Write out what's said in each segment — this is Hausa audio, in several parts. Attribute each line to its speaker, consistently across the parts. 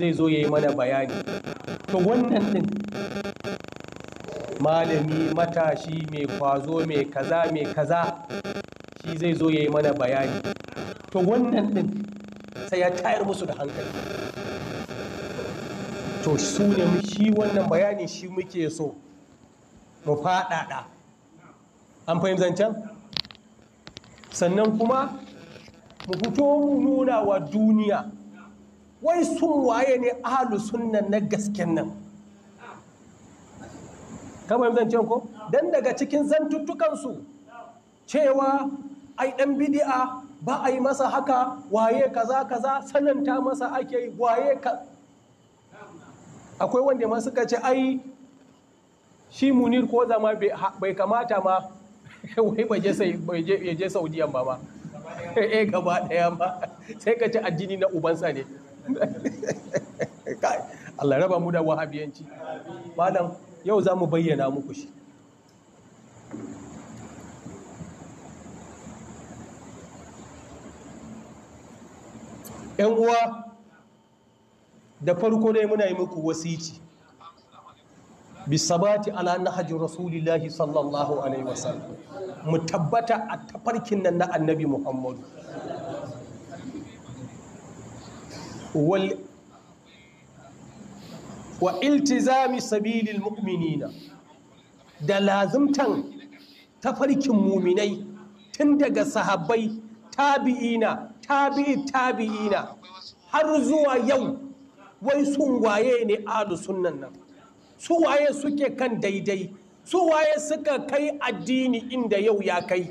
Speaker 1: zai zo ya yi mana bayani to wannan din malami matashi mai kwazo mai kaza mai kaza shi zai zo ya yi mana bayani to wannan din sai ya tayar musu da hankali to su ne shi wannan bayani shi muke so mu faɗaɗa an fahimta can sannan kuma mu fito mu nuna wa duniya wai sun waye ne ahalu na gasken nan kamar ce ko don daga cikin zantuttukansu cewa ai ɗan bidi'a ba a yi masa haka waye kaza kaza sananta masa ake yi waye ka akwai wanda masu suka ce ai shi munir ko zama bai kamata ma wai bai je saudiyan ba ma e gaba daya ba sai ka addini na ubansa ne Allah raba mu da wahabiyanci malam yau za mu bayyana muku shi ‘yan uwa da farko ne muna yi muku wasici bisabati ala nahajin rasulullahi sallallahu alaihi wasallam mu tabbata a tafarkin nan na annabi muhammadu wa iltizami sabilil mu'minina da lazimtan tafarkin muminai tun daga sahabbai tabi'ina tabi'i tabi'ina har zuwa yau wai sun waye ne alu sunan nan su waye suke kan daidai su waye suka kai addini inda yau ya kai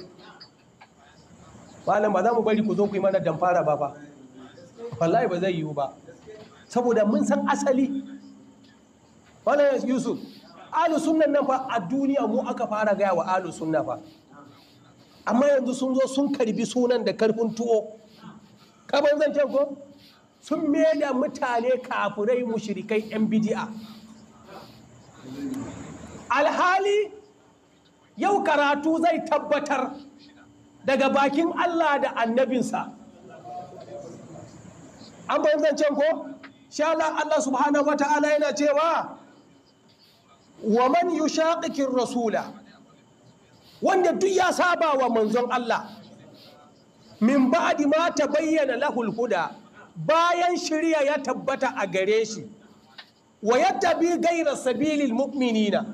Speaker 1: malam ba za mu bari ku zo ku yi mana damfara ba ba wallahi ba zai yiwu ba saboda mun san asali wala yusuf alu sunnan nan fa a duniya mu aka fara gaya wa alu sunna fa amma yanzu sun zo sun karbi sunan da karfin tuwo kaban zan ce ko sun meda mutane kafurai mushrikai yan bidi'a alhali yau karatu zai tabbatar daga bakin Allah da annabinsa an bayan can ko sha Allah subhanahu wa ta'ala yana cewa wa man yushaqiqir rasula wanda duk ya saba wa manzon Allah min ba'adi ma bayyana lahul huda bayan shirya ya tabbata a gare shi wa yadda bi gairar sabilin mu'minina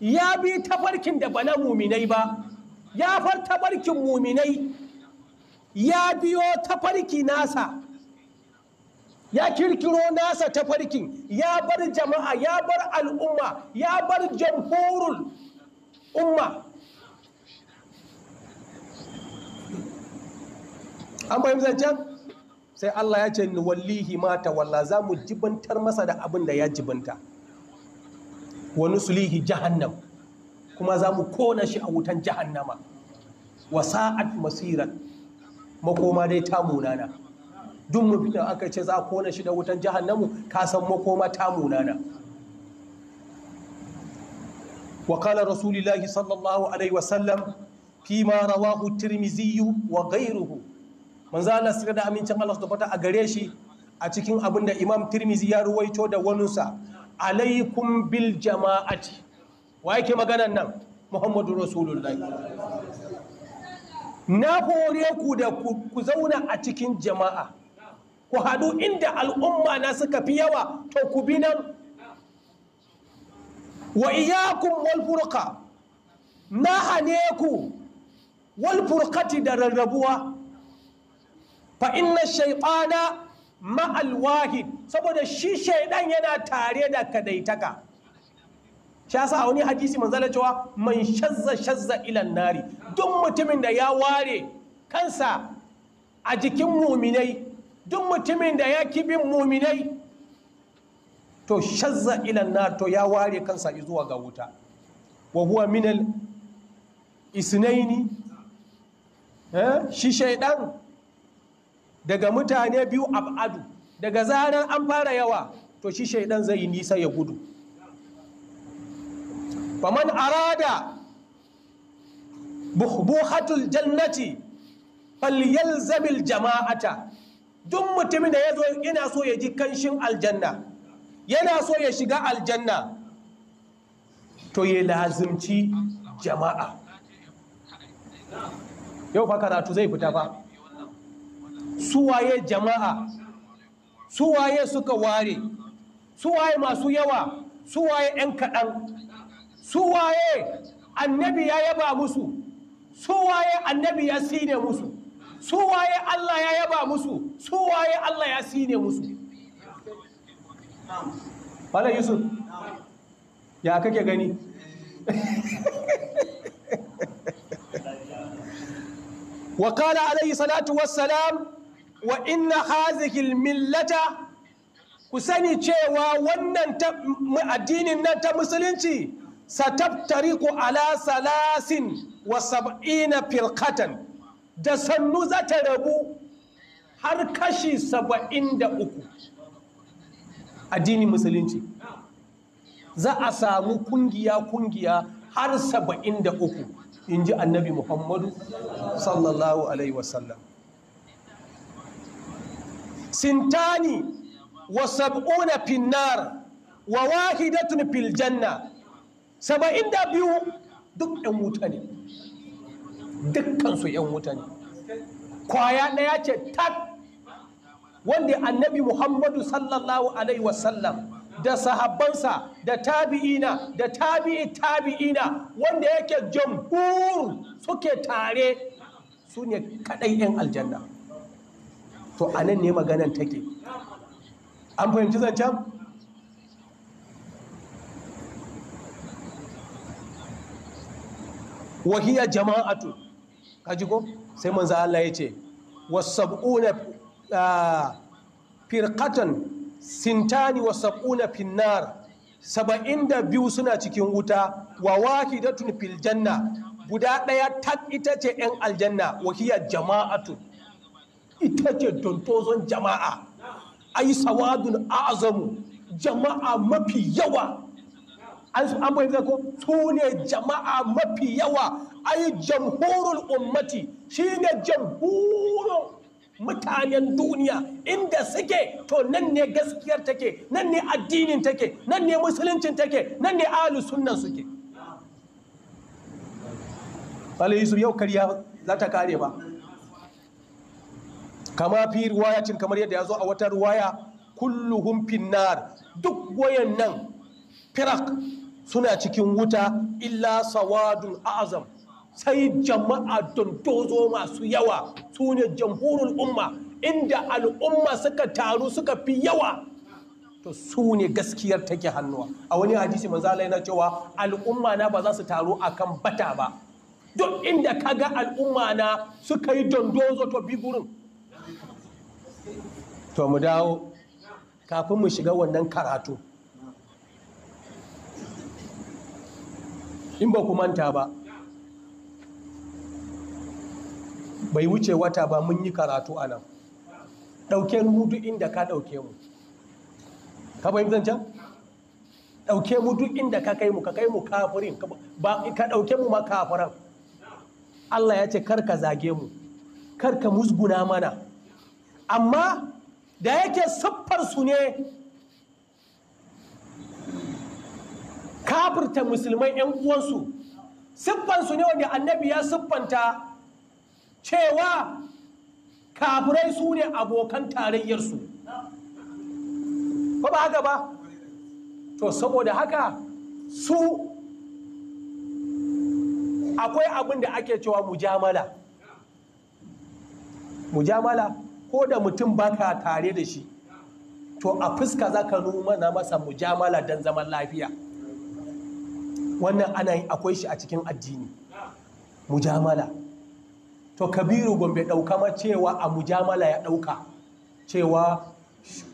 Speaker 1: ya bi tafarkin da bana muminai ba ya far tabarkin muminai ya biyo tafarki nasa ya kirkiro nasa tafarkin ya bar jama'a ya bar al'umma ya bar jamhurul umma an bayan zancen sai Allah ya ce ni wallihi mata walla za mu jibantar masa da abin da ya jibanta wani sulihi jahannam kuma za mu kona shi a wutan jahannama wa sa'at masiran makoma dai ta munana duk mutum da aka ce za a kona shi da wutan jahannamu ka san makoma ta munana wa kala rasulullahi sallallahu alaihi wasallam fi ma rawahu tirmizi wa ghayruhu manzo Allah sirra da amincin Allah subhanahu a gare shi a cikin abin da Imam Tirmizi ya ruwaito da wanunsa Alaikun bil jama'ati wa yake maganan nan Muhammadu Rasulullahi na hore ku da ku zauna a cikin jama'a ku haɗu inda al'umma na suka fi yawa to ku bi nan wa iyakun walfurka na hane ku walfurkati da rarrabuwa fa inna shaifana ma'alwahid wahid saboda shi shaidan yana tare da kadaitaka sha sa wani hadisi manzala cewa man shazza shazza ilan nari duk mutumin da ya ware kansa a jikin muminai duk mutumin da ya ki bin muminai to shazza ilan na to ya ware kansa zuwa ga wuta wa huwa minal isnaini eh, shi shaidan daga mutane biyu abadu daga zaran an fara yawa to shi shaidan zai nisa ya gudu faman arada buhbuhatul jannati falyalzamil jama'ata duk mutumin da ya zo yana so ya ji kanshin aljanna yana so ya shiga aljanna to ya lazimci jama'a yau fa karatu zai fita ba suwaye jama'a suwaye suka ware suwaye masu yawa suwaye 'yan kaɗan suwaye annabi ya yaba musu suwaye annabi ya sine musu su waye Allah ya yaba musu su waye Allah ya sine musu Malam Yusuf ya kake gani wa qala alayhi salatu wassalam wa inna hadhihi almillata ku sani cewa wannan addinin nan ta musulunci satafariku ala salasin wa sab'ina firqatan da sannu za ta rabu har kashi saba'in da uku addinin musulunci za a samu kungiya-kungiya har saba'in da uku in ji annabi muhammadu sallallahu alaihi wasallam sintani wa sab'una finnar wa wahidatun filjanna saba'in da biyu duk ɗan wuta ne dukkansu ‘yan wuta kwaya ɗaya ce tak wanda annabi muhammadu sallallahu alaihi wasallam da sahabbansa da tabi'ina da tabi'i tabi'ina wanda yake jamhur suke tare su ne kaɗai 'yan aljanna to a nan ne maganan take an fahimci zancen wahiyar jama'atu kaji ko sai manzo Allah ya ce wasab'una ah, firqatan sintani wasab'una finnar saba'in da biyu suna cikin wuta wa wahidatun fil janna guda ɗaya tak ita ce 'yan aljanna hiya jama'atu ita ce tontozon jama'a ai sawadun azamu jama'a mafi yawa an fahimta ko su ne jama'a mafi yawa a ai jamhurul ummati ne jamhurin mutanen duniya inda suke to nan ne gaskiyar take nan ne addinin take nan ne musuluncin take nan ne ahlus sunnan suke Bale su yau karya za ta kare ba kama fi cin kamar yadda ya zo a wata ruwaya kulluhun finnar duk wayannan firak suna cikin wuta illa sawadun azam sai jama'a dondozo masu yawa su ne jamhurul umma inda al'umma suka taru suka fi yawa to su ne gaskiyar take hannuwa a wani hadisi manzala yana cewa al'umma na ba za su taru akan bata ba duk inda kaga al'umma na suka yi dondozo to bi gurin to mu dawo kafin mu shiga wannan karatu in ba ku manta ba bai wuce wata ba mun yi karatu a nan ɗauke mu duk inda ka ɗauke mu ka bai zancen ɗauke mu duk inda ka kai mu ka kai mu kafirin ka ɗauke mu ma kafiran Allah ya ce karka zage mu karka musguna mana amma da yake siffar su ne kafirta musulmai 'yan uwansu siffansu ne wanda annabi ya siffanta cewa kafirai su ne abokan tarayyarsu ba ba haka ba to saboda haka su akwai abin da ake cewa mujamala mujamala ko da mutum baka tare da shi to a fuska za ka nuna masa mujamala don zaman lafiya wannan ana yi akwai shi a cikin addini mujamala to kabiru gombe ɗauka ma cewa a mujamala ya ɗauka cewa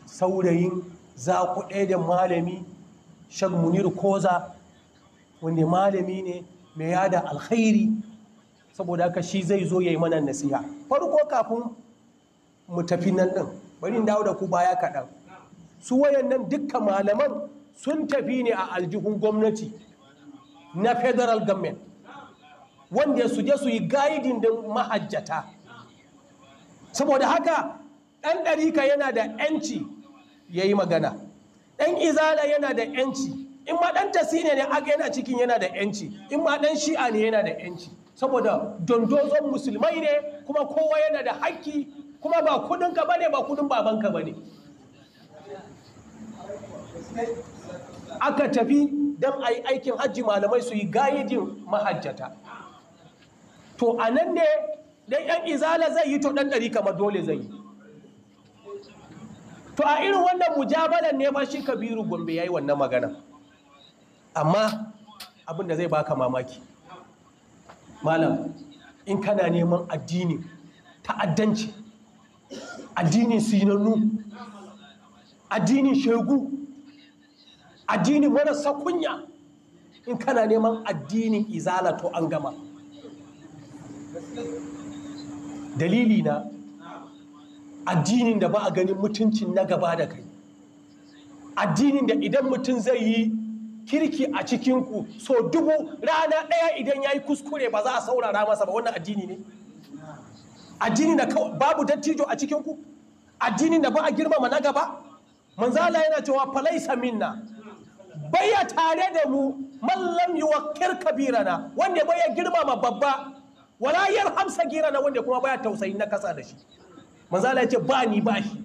Speaker 1: saurayin za ku ɗaya da malami shag munir koza wanda malami ne mai yada alkhairi saboda haka shi zai zo ya yi mana nasiha farko kafin mu tafi nan ɗin bari dawo da ku baya kaɗan su nan dukkan malaman sun tafi ne a aljihun gwamnati na federal government wanda ya suje su yi guiding din mahajjata saboda haka ɗan ɗarika yana da ‘yanci ya yi magana ɗan izala yana da ‘yanci in ma ɗan tasiri ne aka yana cikin yana da ‘yanci in ma ɗan shi'a ne yana da ‘yanci saboda dondozon musulmai ne kuma kowa yana da haƙƙi kuma ba kudinka ba ne ba kudin babanka ba ne aka tafi don a yi aikin hajji malamai su yi gayyajin mahajjata to a nan ne dai yan izala zai yi to ɗan ɗari kamar dole zai yi to a irin wannan mujabalan ne ba shi kabiru gombe ya yi wannan magana amma abin da zai baka mamaki malam in kana neman addini ta'addanci addinin sinannu addinin shegu addini marasa kunya in kana neman addinin izala to an gama dalili na addinin da ba a ganin mutuncin na gaba da kai addinin da idan mutum zai yi kirki a cikinku so dubu rana daya idan ya yi kuskure ba za a saurara masa ba wannan addini ne addini da babu dattijo a cikinku addini da ba a girmama na gaba manzala yana cewa falaisa minna ya tare da mu mallam kirka birana wanda baya girmama babba wala hamsa girana wanda kuma baya tausayi na kasa da shi manzala ya yace ba ni ba shi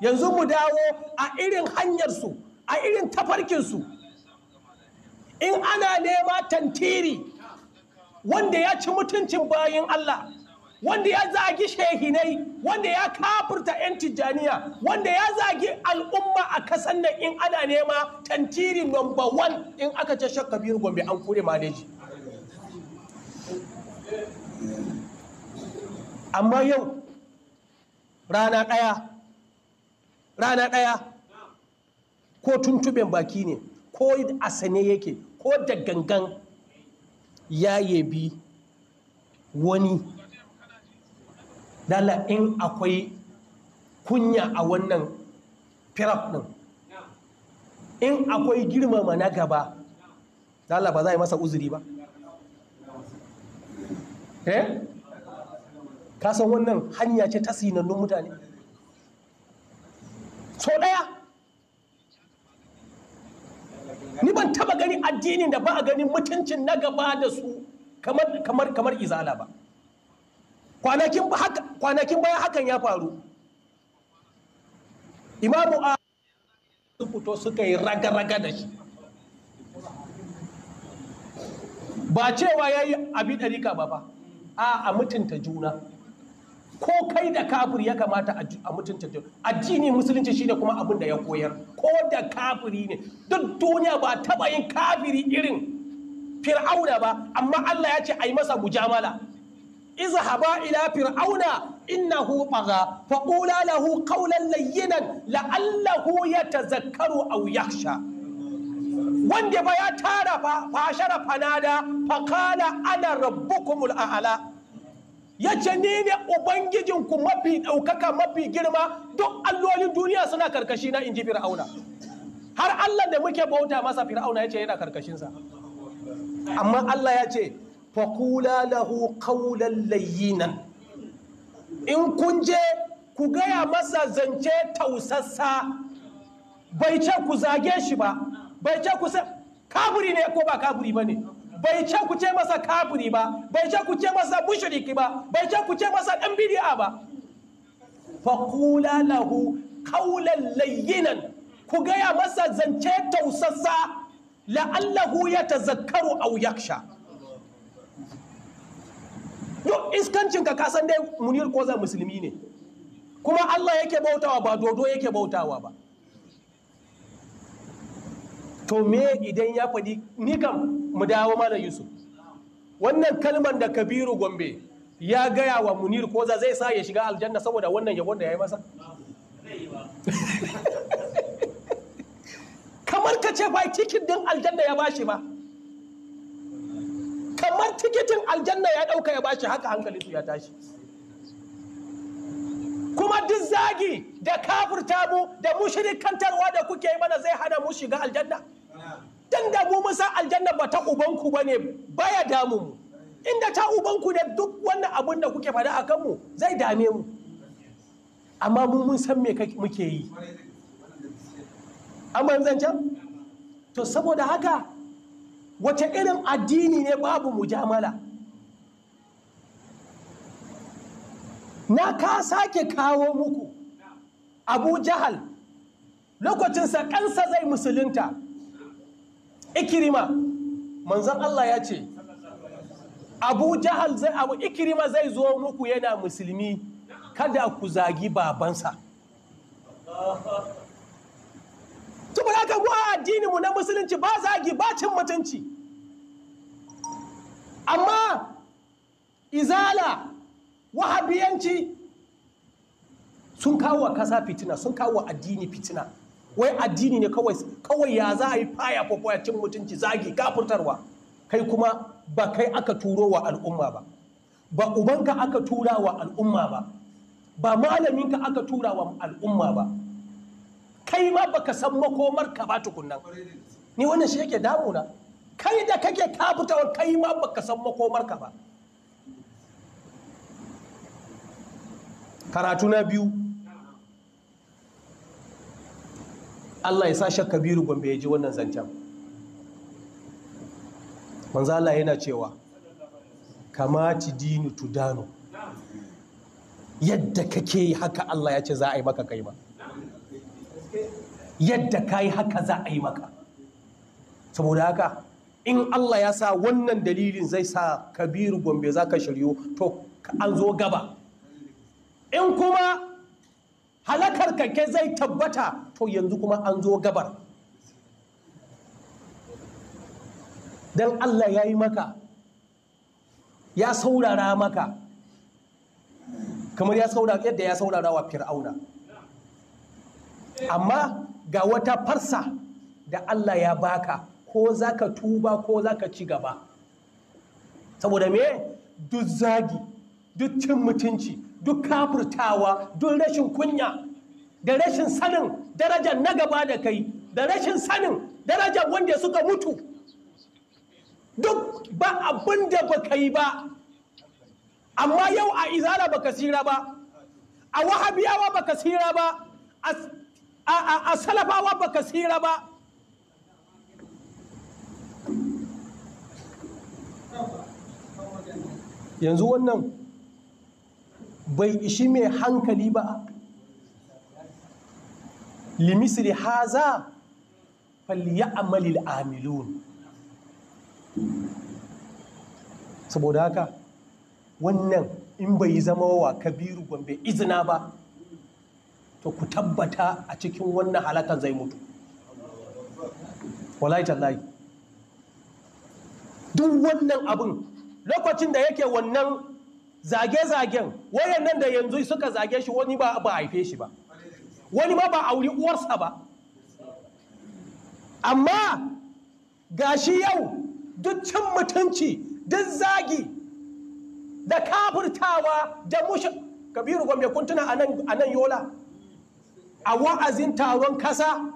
Speaker 1: yanzu mu dawo a irin hanyarsu, a irin tafarkinsu in ana nema tantiri wanda ya ci mutuncin bayan Allah wanda ya zagi shehinai wanda ya kafurta 'yan tijjaniya wanda ya zagi al'umma a kasan nan in ana nema tantiri number one in aka ce shakka biyu gombe an kure maneji. amma yau rana ɗaya rana ɗaya ko tuntuben baki ne ko asane sane yake ko da gangan ya yabi wani dala in akwai kunya a wannan firaf ɗin in akwai girmama na gaba dala ba za a yi masa uzuri ba eh kasan wannan hanya ce ta sinannun mutane so ɗaya ni ban taba gani addini da ba a ganin mutuncin na gaba da su kamar izala ba kwanakin baya hakan ya faru imamu a su fito suka yi raga-raga da shi ba cewa ya yi abin ɗarika ba ba a a mutunta juna ko kai da kafir ya kamata a mutunta juna addini musulunci shine kuma abin da ya koyar ko da kafiri ne duk duniya ba taba yin kafiri irin fir'auna ba amma Allah ya ce a yi masa mujamala izhaba ila fir'auna innahu tagha faqula lahu qawlan layyinan la'allahu yatazakkaru aw yakhsha wanda ba ya tara fashara fanada faqala ana rabbukumul a'la ya ce ni ne ubangijinku mafi ɗaukaka mafi girma duk allolin duniya suna karkashi na inji fir'auna har allah da muke bauta masa fir'auna ya ce yana karkashinsa amma allah ya ce faƙula lahu ƙaunar layinan in kun je ku gaya masa zance tausassa bai ce ku zage shi ba bai ce ku kaburi ne ko ba kaburi ba ne bai ce ku ce masa kaburi ba bai ce ku ce masa mushriki ba bai ce ku ce masa ɗan bidi'a ba faƙula lahu ƙaunar layinan ku gaya masa zance tausassa la'allahu ya tazakkaru au yaksha duk iskancin ka kasan dai munir koza musulmi ne kuma Allah yake bautawa ba dodo yake bautawa ba to me idan ya faɗi ni kam mu dawo mana Yusuf wannan kalmar da Kabiru Gombe ya gaya wa Munir koza zai sa ya shiga aljanna saboda wannan yabon da ya yi masa kamar ka ce ba cikin din aljanna ya bashi ba kamar tikitin aljanna ya ɗauka ya bashi haka hankali su ya tashi kuma duk zagi da kafurta mu da mushrikantarwa da kuke yi mana zai hana mu shiga aljanna dan da mu musa aljanna ba ta ubanku bane baya damu mu inda ta ubanku da duk wannan abun da kuke faɗa akan mu zai dame mu amma mu mun san me muke yi amma can to saboda haka wace irin addini ne babu mujamala na ka sake kawo muku abu jahal lokacinsa kansa zai musulunta ikirima manzan Allah ya ce abu jahal zai abu ikirima zai zo muku yana musulmi kada ku zagi babansa saboda haka mu na musulunci ba zagi ba cin mutunci amma izala wahabiyanci sun kawo wa kasa fitina sun kawo wa addini fitina wai addini ne kawai kawai ya za a yi faya fafaya cin mutunci zagi gafurtarwa kai kuma ba kai aka turo wa al'umma ba ba ubanka aka tura wa al'umma ba ba malaminka aka tura wa al'umma ba kai ma baka san makomar ka ba tukunan ni wannan shi yake damuna kai da kake ka fitawar kai ma baka san makomar ka ba karatu na biyu Allah ya sa shakka Kabiru gombe ya ji wannan zancen manzo Allah yana cewa kamati dinu tudanu yadda kake yi haka Allah ya ce za a yi maka kai ma yadda ka yi haka za a yi maka saboda haka in Allah ya sa wannan dalilin zai sa kabiru gombe za ka shiryo, to an zo gaba in kuma halakar kake zai tabbata to yanzu kuma an zo gabar don Allah ya yi maka ya saurara maka kamar yadda ya saurara wa fir'auna amma ga wata farsa da Allah ya baka ko za ka tuba ko za ka ci gaba saboda me duk zagi duk cin mutunci duk kafurtawa duk rashin kunya da rashin sanin darajar na gaba da kai da rashin sanin darajar wanda suka mutu duk ba abin da ba ka yi ba amma yau a izara ba ka sira ba a wahabiyawa ba ka sira ba a salafawa ba ka sira ba yanzu wannan bai ishi mai hankali ba limisri haza amalil amilun saboda haka wannan in bai zama wa kabiru gombe izina ba to ku tabbata a cikin wannan halakan zai mutu wallahi layi. duk wannan abin lokacin da yake wannan zage-zagen nan da yanzu suka zage shi wani ba ba haife shi ba wani ma ba auri uwarsa ba amma ga shi yau duk cin mutunci duk zagi da kafurtawa da mushi kabiru gwamnati kun tuna a nan yola a wa'azin taron kasa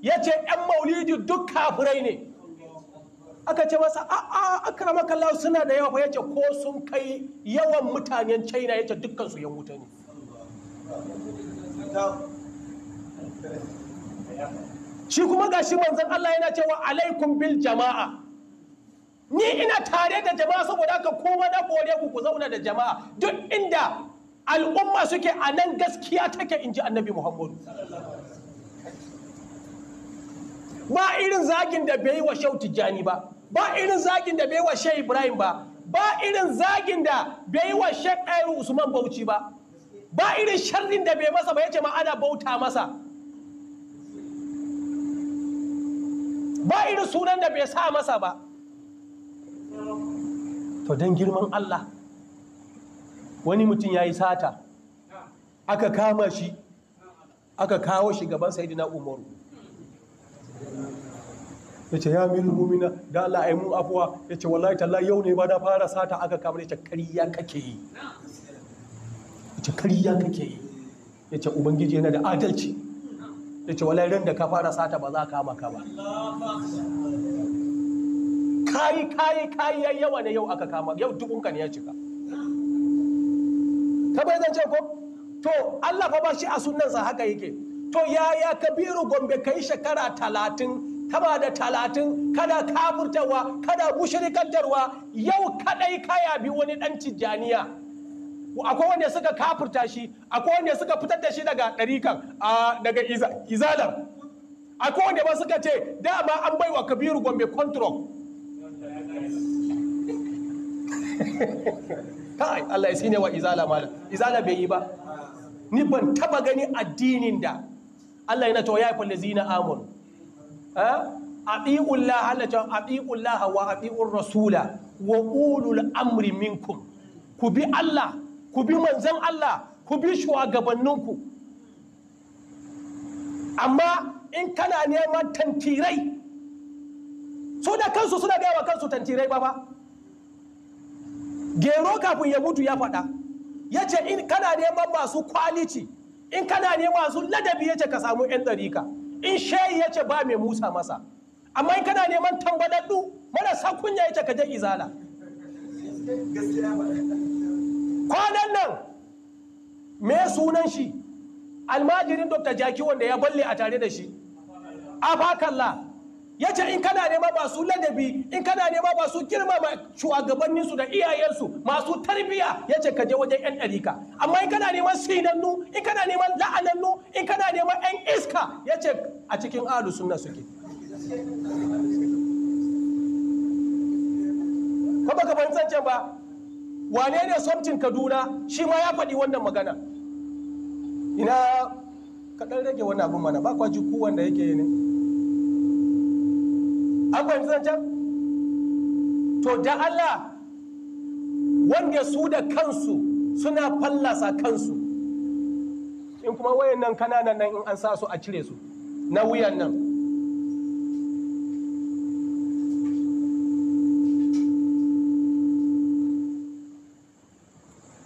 Speaker 1: ya ce 'yan maulidi duk kafurai ne aka ce masa a'a akrama kallahu suna da yawa fa yace ko sun kai yawan mutanen China yace dukkan su yan wuta ne shi kuma gashi manzon Allah yana cewa alaikum bil jama'a ni ina tare da jama'a saboda haka kowa na bore ku ku zauna da jama'a duk inda al'umma suke a nan gaskiya take in ji annabi muhammadu ba irin zagin da bai wa shau tijjani ba ba irin zagin da bai wa shai ibrahim ba ba irin zagin da bai wa shai ɗairu usman bauchi ba ba irin sharrin da bai masa ba ce ma ana bauta masa ba irin sunan da bai sa masa ba to don girman allah wani mutum ya yi sata aka kama shi aka kawo shi gaban sayidina umaru ya ce ya miru mumina da Allah yi mun afuwa ya ce wallahi tallahi yau ne ba da fara sata aka kama ya ce kariya kake yi ya ce kake yi ya ce ubangiji yana da adalci ya ce wallahi ran da ka fara sata ba za ka kama ka ba kayi kayi kayi yawa ne yau aka kama yau dubunka ne ya cika ka bai zance ko to Allah fa ba shi a sunansa haka yake to yaya kabiru gombe kai shekara talatin taba da talatin kada kafurtarwa kada mushrikantarwa yau kadai ka yabi wani dan tijjaniya akwai wanda suka kafurta shi akwai wanda suka fitar da shi daga ɗarikan daga izalar akwai wanda ba suka ce dama an bai wa kabiru gombe control kai Allah ya sine wa izala malam izala bai yi ba ni ban taba gani addinin da Allah yana to ya fa lazina amanu Eh? ati'ullah Allah ta wa ati'ur rasula wa ulul amri minkum ku bi Allah ku bi manzan Allah ku bi shugabanninku amma in kana neman tantirai su da kansu suna gaya wa kansu tantirai ba ba gero kafin ya mutu ya faɗa ya ce in kana neman masu kwalici in kana neman masu ladabi ya ce ka samu 'yan ɗarika in shayi ya ce ba mai musa masa amma in kana neman tambadaddu marasa kunya ya ce ka je izala kwanan nan me sunan shi almajirin dr jaki wanda ya balle a tare da shi afakalla ya ce in kana nema masu ladabi in kana nema masu girmama shugabanninsu da iyayensu masu tarbiya ya ce ka je wajen yan ɗarika amma in kana neman sinannu in kana neman la'anannu in kana neman yan iska ya ce a cikin alu sunna suke ka baka fahimtancen ba wane ne somtin kaduna shi ma ya faɗi wannan magana ina kaɗan rage wani abin mana ba kwaji ku wanda yake ne an zancen to da Allah wanda su da kansu suna fallasa kansu in kuma wayan nan kananan nan in an sa su a cire su na wuyan nan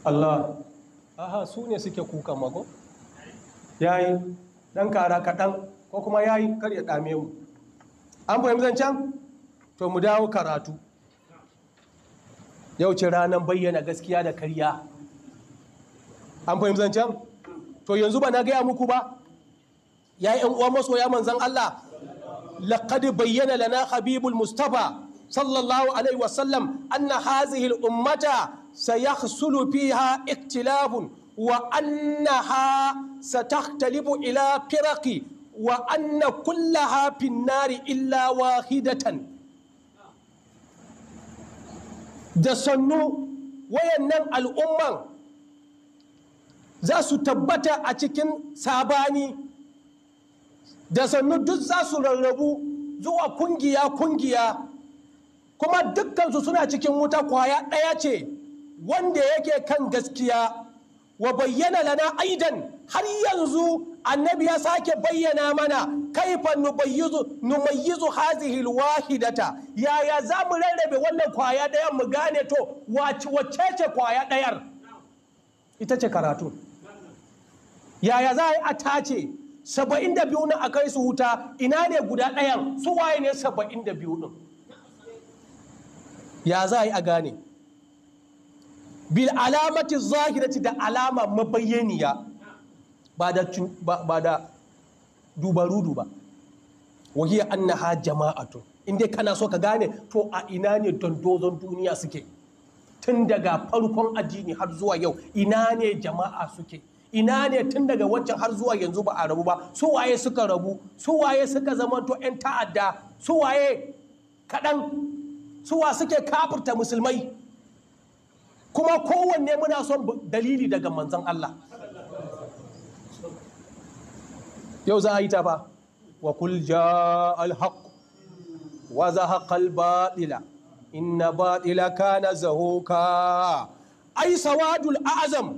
Speaker 1: Allah aha su ne suke kuka mago yayi dan kara kaɗan ko kuma yayi kar ya dame mu an fahimci zancen to mu dawo karatu yau ce ranar bayyana gaskiya da karya an fahimci zancen to yanzu ba na gaya muku ba ya yi uwa masoya manzan Allah laqad bayyana lana habibul mustafa sallallahu alaihi wasallam anna hazihi ummata sayahsulu fiha iktilafun wa annaha satahtalibu ila firaqi wa anna kulla hafin nari illa wahidatan da sannu wayannan al'umman za su tabbata a cikin sabani da sannu duk za su rarrabu zuwa kungiya-kungiya kuma dukkansu suna cikin wuta kwaya ɗaya ce wanda yake kan gaskiya wa bayyana lana aidan har yanzu annabi ya sake bayyana mana nubayyizu numayyizu hazihi alwahidata yaya za mu rarrabe wannan kwaya daya mu gane to wacce ce kwaya dayar? ita ce karatu yaya za a tace saba'in da na a kai su huta? ina ne guda dayan? su waye ne saba'in da ya za a yi a gane bil alamati zahirati da alama mabayyaniya ba da ba dubarudu ba wahiya annaha jama'atu in dai kana so ka gane to a ina ne dandozon duniya suke tun daga farkon addini har zuwa yau ina ne jama'a suke ina ne tun daga wancan har zuwa yanzu ba a rabu ba su waye suka rabu su waye suka zama to 'yan ta'adda su waye kaɗan wa suke kafirta musulmai kuma kowanne muna son dalili daga manzon Allah yau za a yi tafa. fa wa kul ja alhaq wa zahaqa albatila inna batila kana zahuka ai sawadul a'zam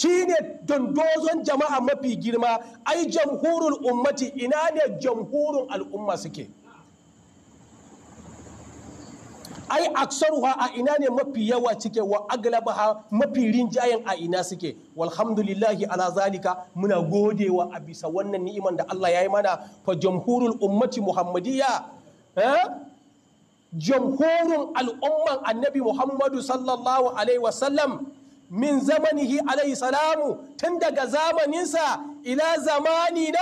Speaker 1: shine dondozon jama'a mafi girma ai jamhurul ummati ina ne jamhurun al'umma suke ai aksaruha a ina ne mafi yawa cike wa aglabaha mafi rinjayen a ina suke walhamdulillahi ala zalika muna godewa a bisa wannan ni'iman da Allah ya yi mana fa jamhurul ummati muhammadiyya jamhurin al'umman annabi muhammadu sallallahu alaihi wasallam min zamanihi alaihi salamu tun daga zamaninsa ila I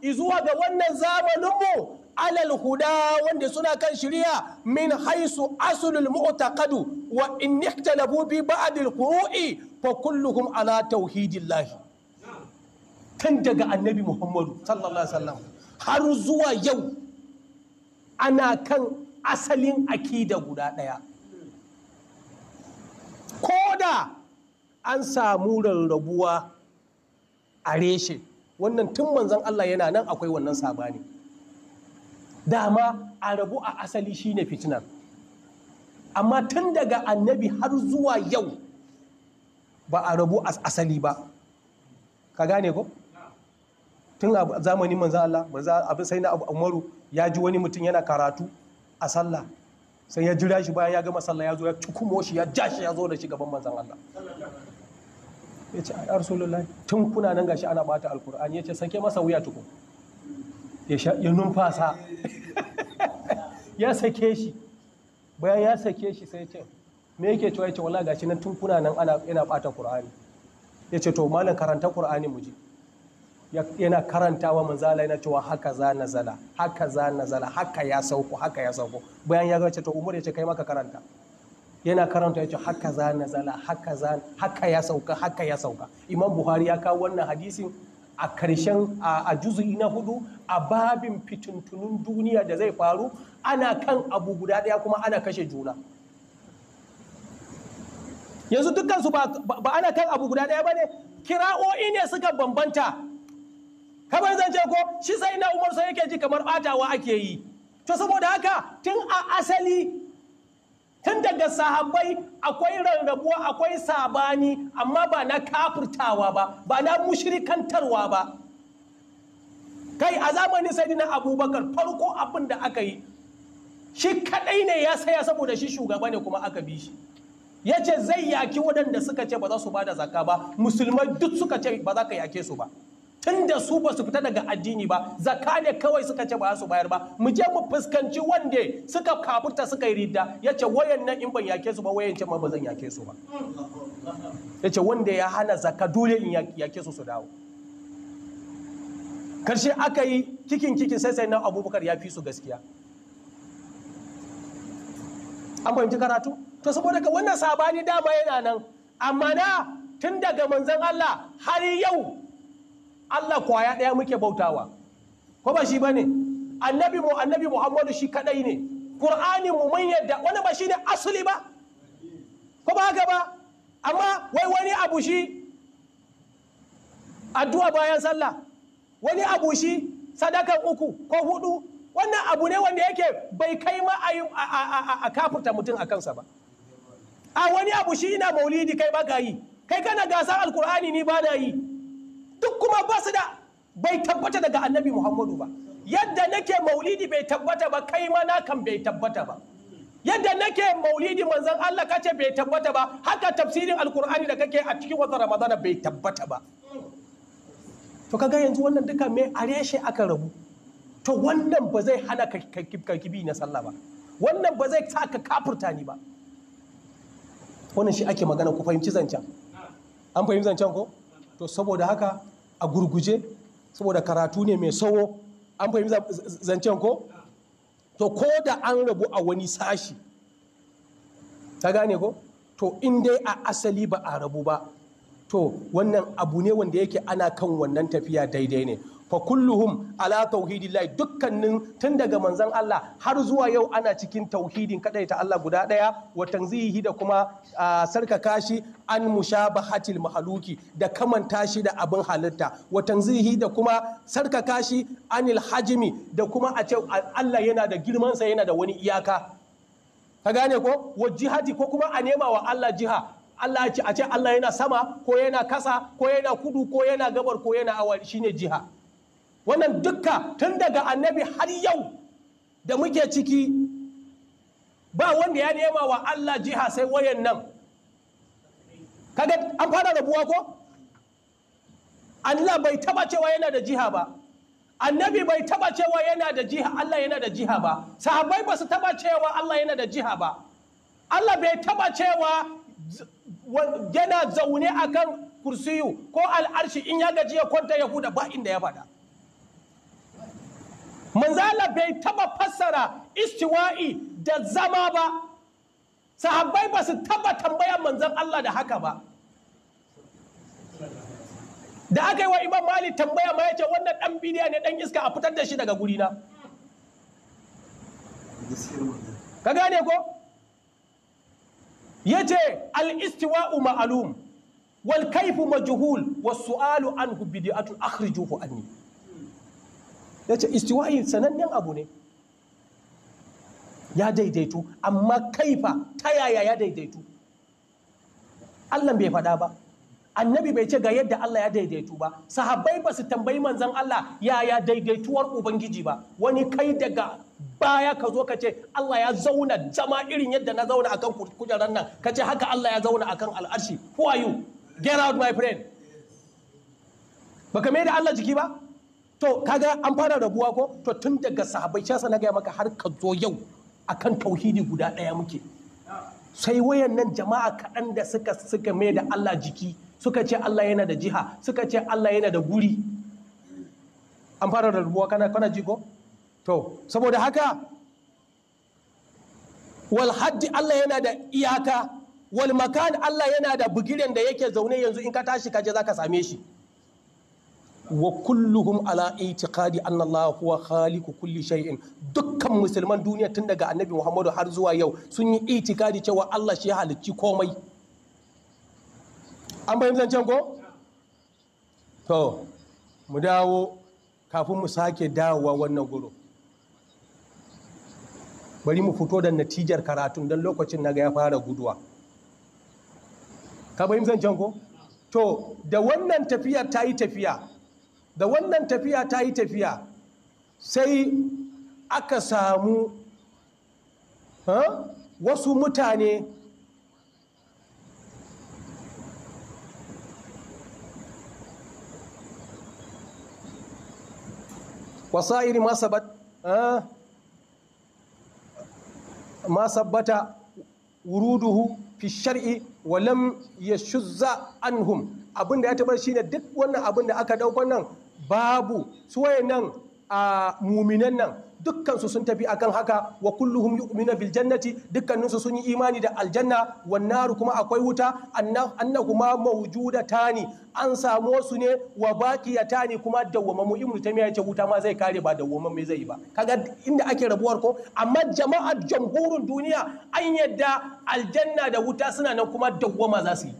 Speaker 1: izuwa ga wannan zamaninmu alal huda wanda suna kan shirya min haisu asulul mu'taqadu wa in ikhtalafu bi al qurui fa kulluhum ala tauhidillahi tun daga annabi muhammadu sallallahu alaihi wasallam har zuwa yau ana kan asalin akida guda daya koda an samu rarrabuwa a reshe wannan tun manzon Allah yana nan akwai wannan sabani dama a rabu a asali shine fitinar amma tun daga annabi har zuwa yau ba a rabu a asali ba ka gane ko tun a zamanin manzan Allah abin sai na abu umaru ya ji wani mutum yana karatu a sallah sai ya jira shi bayan ya gama sallah ya zo ya cikumo shi ya ja shi ya zo da shi gaban manzan Allah ya ce a tun kuna nan gashi ana bata alkur'ani ya ce sake masa wuya tukun ya numfasa ya sake shi bayan ya sake shi sai ce me yake cewa yace wallahi gashi nan tun kuna nan ana yana bata qur'ani yace to malam karanta qur'ani mu ji yana karantawa manzala yana cewa haka za nazala haka za nazala haka ya sauko haka ya sauko bayan ya gace to umar yace kai maka karanta yana karanta yace haka za nazala haka za haka ya sauka haka ya sauka imam buhari ya kawo wannan hadisin a karshen a juzu'i na hudu a babin fitintunin duniya da zai faru ana kan abu guda daya kuma ana kashe juna yanzu dukansu ba ana kan abu guda ɗaya ba ne kira'o'i ne suka bambanta kamar zance ko shi sai na umar sai yake ji kamar batawa ake yi to saboda haka tun a asali tun daga sahabbai akwai rarrabuwa akwai sabani amma ba na kafurtawa ba ba na mushrikantarwa ba kai a zamanin sai na abubakar farko abin da aka yi shi kadai ne ya saya saboda shi shugaba ne kuma aka bi shi ya ce zai yaki waɗanda suka ce ba za su ba da zaka ba musulmai duk suka ce ba za ka yake su ba tun da su ba su fita daga addini ba zaka ne kawai suka ce ba su bayar ba mu je mu fuskanci wanda suka kafurta suka yi ridda ya ce wayan nan in ban yake su ba wayan ce ma ba zan yake su ba ya ce wanda ya hana zaka dole in yake su su dawo karshe aka yi kikin kikin sai sai nan abubakar ya fi su gaskiya an fahimci karatu to saboda ka wannan sabani dama yana nan amma na tun daga manzon Allah har yau Allah kwaya ɗaya muke bautawa ko ba shi ne, annabi mu annabi Muhammadu shi kadai ne Kur'ani mu mun yadda wani ba shi ne asali ba ko ba haka ba amma wai wani abu shi addu'a bayan sallah wani abu shi sadakan uku ko hudu wannan abu ne wanda yake bai kai ma a kafurta mutum a kansa ba a wani abu shi ina maulidi kai ba ga yi kai kana gasar alkur'ani ni ba na yi amma ba su da bai tabbata daga annabi muhammadu ba yadda nake maulidi bai tabbata ba kai mana kan bai tabbata ba yadda nake maulidi manzon Allah ka ce bai tabbata ba haka tafsirin alkur'ani da kake a cikin wata ramadana bai tabbata ba to kaga yanzu wannan duka mai areshe aka rabu to wannan ba zai hana ka kibi na sallah ba wannan ba zai sa ka kafurta ni ba wannan shi ake magana ku fahimci zancen an fahimci zancen ko to saboda haka a gurguje saboda karatu ne mai sawo an fahimci zancen ko to ko da an rabu a wani sashi ta gane ko to in dai a asali ba a rabu ba to wannan abu ne wanda yake ana kan wannan tafiya daidai ne fa kulluhum ala tauhidillahi dukkanin tun daga manzon Allah har zuwa yau ana cikin tauhidin kadai ta Allah guda daya wa tanzihi da kuma sarkaka shi an mushabahatil mahaluki da kamanta shi da abin halitta wa tanzihi da kuma sarkaka shi anil hajimi da kuma a ce Allah yana da girman sa yana da wani iyaka ka gane ko wa jihadi ko kuma a nema wa Allah jiha Allah ce a ce Allah yana sama ko yana kasa ko yana kudu ko yana gabar ko yana awa shine jiha wannan dukka tun daga annabi har yau da muke ciki ba wanda ya nema wa Allah jiha sai wayan nan kaga an fara rabuwa ko Allah bai taba cewa yana da jiha ba annabi bai taba cewa yana da jiha Allah yana da jiha ba sahabbai ba su taba cewa Allah yana da jiha ba Allah bai taba cewa yana zaune akan kursiyu ko al'arshi in ya gaji ya kwanta ya huda ba inda ya faɗa manzala bai taba fassara istiwa'i da zama ba sahabbai ba su taba tambaya manzan Allah da haka ba da aka yi wa imam malik tambaya ma yace wannan dan bidiya ne dan iska a fitar da shi daga gurina ka gane ko yace al-istiwa'u ma'lum wal kaifu majhul was su'alu anhu bid'atun akhrijuhu anni ya ce istiwa'i sanannen abu ne ya daidaitu amma kaifa ta yaya ya daidaitu Allah bai faɗa ba annabi bai ce ga yadda Allah ya daidaitu ba sahabbai ba su tambayi manzan Allah yaya daidaituwar ubangiji ba wani kai daga baya ka zo ka ce Allah ya zauna zama irin yadda na zauna akan kujerar nan ka ce haka Allah ya zauna akan al'arshi who are you get out my friend baka mai da Allah jiki ba to kaga an fara rabuwa ko to tun daga sahabai shasa na gaya maka har ka zo yau akan tauhidi guda ɗaya muke sai wayan nan jama'a kaɗan da suka suka mai da Allah jiki suka ce Allah yana da jiha suka ce Allah yana da guri an fara rabuwa kana kana ji ko to saboda haka wal haddi Allah yana da iyaka wal makan Allah yana da bugiren da yake zaune yanzu in ka tashi ka je zaka same shi wa kulluhum ala itiqadi anna Allah huwa khaliqu kulli shay'in dukkan musulman duniya tun daga annabi Muhammadu har zuwa yau sun yi itiqadi cewa Allah shi halicci komai an bayyana zancen ko to mu dawo kafin mu sake dawowa wannan guru bari mu fito da natijar karatun don lokacin naga ya fara guduwa ka bayyana zancen ko to da wannan tafiyar ta yi tafiya da wannan tafiya ta yi tafiya sai aka samu wasu mutane wasa'iri ma sabbata wuruduhu fi shari'i walam ya shuzza anhum abinda ya tabar ne duk wannan abinda aka dauko nan babu su nan a muminan nan dukkansu sun tafi akan haka wa kulluhum yu'minu bil jannati dukkaninsu sun yi imani da aljanna wan naru kuma akwai wuta annahuma mawjudatani an samo su ne wa baqiyatani kuma dawwamamu ibnu tamiya yace wuta ma zai kare ba dawwama me zai ba kaga inda ake rabuwar ko amma jama'ar jamhurin duniya an yadda aljanna da wuta suna nan kuma dawwama za su yi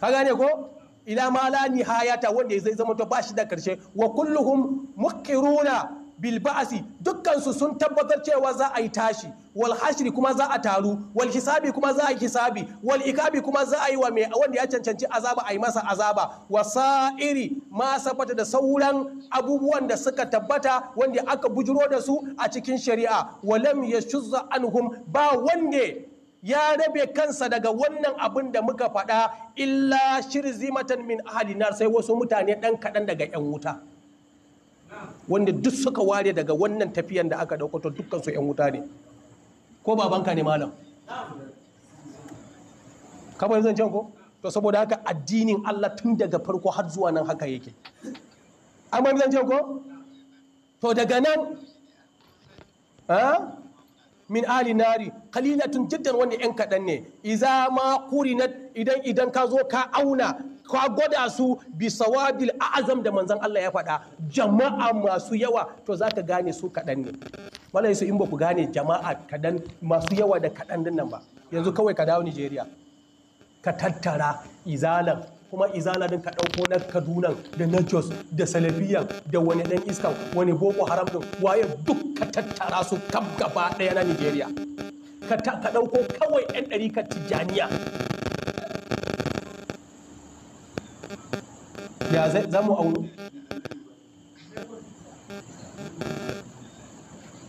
Speaker 1: ka gane ko ila ma la nihayata wanda zai zama to bashi da karshe wa kulluhum muqiruna bil ba'si dukkan su sun tabbatar cewa za a yi tashi wal hashri kuma za a taru wal hisabi kuma za a yi hisabi wal ikabi kuma za a yi wa mai wanda ya cancanci azaba a yi masa azaba wa sa'iri ma sabata da sauran abubuwan da suka tabbata wanda aka bujiro da su a cikin shari'a walam yashuzza anhum ba wanda ya rabe kansa daga wannan abin da muka faɗa illa shirzimatan min ahalinar sai wasu mutane ɗan kaɗan daga 'yan wuta wanda duk suka ware daga wannan tafiyan da aka ɗaukato dukkansu 'yan wuta ne ko babanka ne malam kamar zan can ko to saboda haka addinin Allah tun daga farko har zuwa nan haka yake amma zan can ko to daga nan eh? min ali nari qalilatun jiddan wanda yan kaɗan ne iza ma qurinat idan idan ka zo ka auna ka gwada su bi sawadil a'azam da manzon Allah ya faɗa jama'a masu yawa to zaka gane su kaɗan ne wallahi su in ba ku gane jama'a kadan masu yawa da kaɗan din nan ba yanzu kawai ka dawo Nigeria ka tattara izalan kuma izala din ka ɗauko na kaduna da na jos da salafiyan da wani ɗan iskan wani boko haram din waye duk ka tattara su kam gaba ɗaya na nigeria ka ɗauko kawai 'yan ka tijjaniya ya za mu auno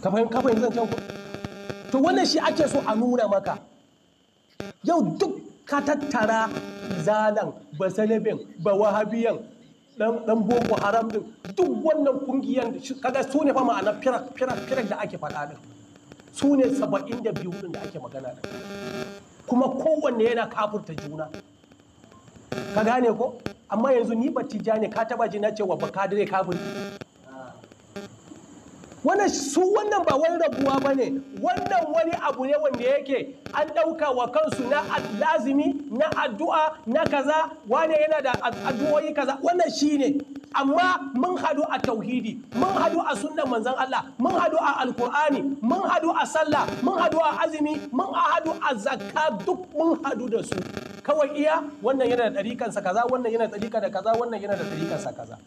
Speaker 1: kafin kafin zancen ku to wannan shi ake so a nuna maka yau duk ka tattara zalan ba salabin ba wahabiyan dan boko haram din duk wannan kungiyan kaga su ne fa ma'ana firak firak firak da ake faɗa din su ne saba'in din da ake magana din kuma kowanne yana kafurta juna ka gane ko amma yanzu ni ba tijani ka taba ji na cewa ba kadire kafurta wannan su wannan ba wani rabuwa ba ne wannan wani abu ne wanda yake an ɗauka wa kansu na lazimi na addu'a na kaza wane yana da addu'o'i kaza wannan shi ne amma mun hadu a tauhidi mun hadu a sunnan manzon Allah mun hadu a alkur'ani mun hadu a sallah mun hadu a azumi mun hadu a zakka duk mun hadu da su kawai iya wannan yana da ɗarikansa kaza wannan yana da ɗarika da kaza wannan yana da ɗarikansa kaza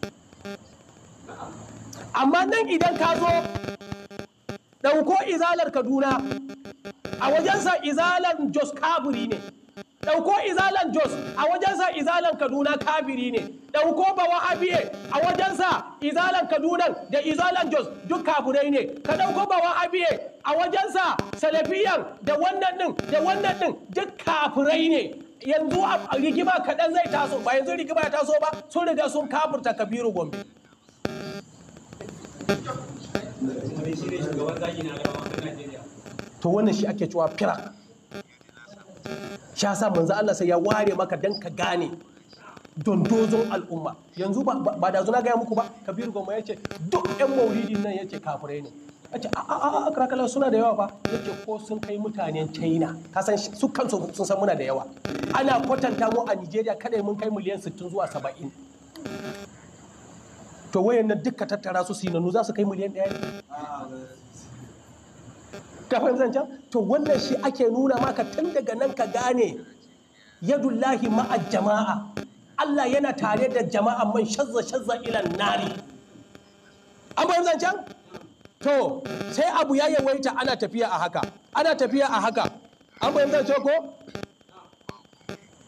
Speaker 1: amma nan idan ka zo ɗauko izalar kaduna a wajensa izalar jos kaburi ne ɗauko izalar jos a wajensa izalar kaduna kabiri ne ɗauko bawa abiye a wajensa izalar kaduna da izalar jos duk kaburai ne ka ɗauko bawa abiye a wajensa salafiyan da wannan ɗin da wannan ɗin duk kafirai ne yanzu rigima kaɗan zai taso ba yanzu rigima ya taso ba sun riga sun kafurta kabiru gombe to wannan shi ake cewa fira shi sa manzo Allah sai ya ware maka dan ka gane dondozon al'umma yanzu ba da zuna gaya muku ba kabiru goma yace duk ɗan mauridin nan ya ce ne a ce a a a karakala suna da yawa ba yake ko sun kai mutanen china ka san su kansu sun san muna da yawa ana kwatanta mu a nigeria kada mun kai miliyan 60 zuwa 70 to nan duka tattara su sinanu za su kai miliyan ɗaya kafin zancen to wannan shi ake nuna maka tun daga nan ka gane yadullahi ma'a jama'a Allah yana tare da jama'a man shazza shazza ilan nari an bayan zancen to sai abu ya yawaita ana tafiya a haka ana tafiya a haka an bayan zancen ko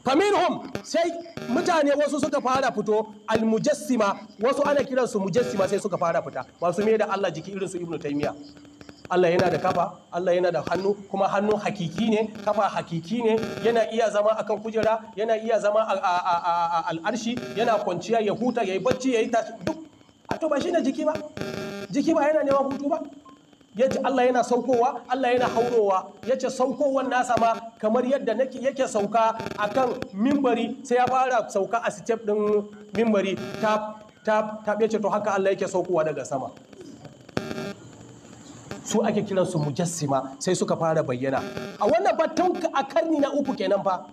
Speaker 1: hom sai mutane wasu suka fara fito almujassima wasu ana kiran su mujassima sai suka fara fita masu mai da Allah jiki irin su ibnu taymiya Allah yana da kafa Allah yana da hannu kuma hannu hakiki ne kafa hakiki ne yana iya zama akan kujera yana iya zama a al'arshi yana kwanciya ya huta ya barci bacci ya tashi duk a to ba shine jiki ba jiki ba yana neman hutu ba ya ce Allah yana saukowa Allah yana haurowa ya ce saukowar nasa ma kamar yadda yake sauka akan mimbari sai ya fara sauka a step ɗin mimbari tap ya ce to haka Allah yake saukowa daga sama su ake kiransu mujassima sai suka fara bayyana a wannan batun a karni na uku kenan fa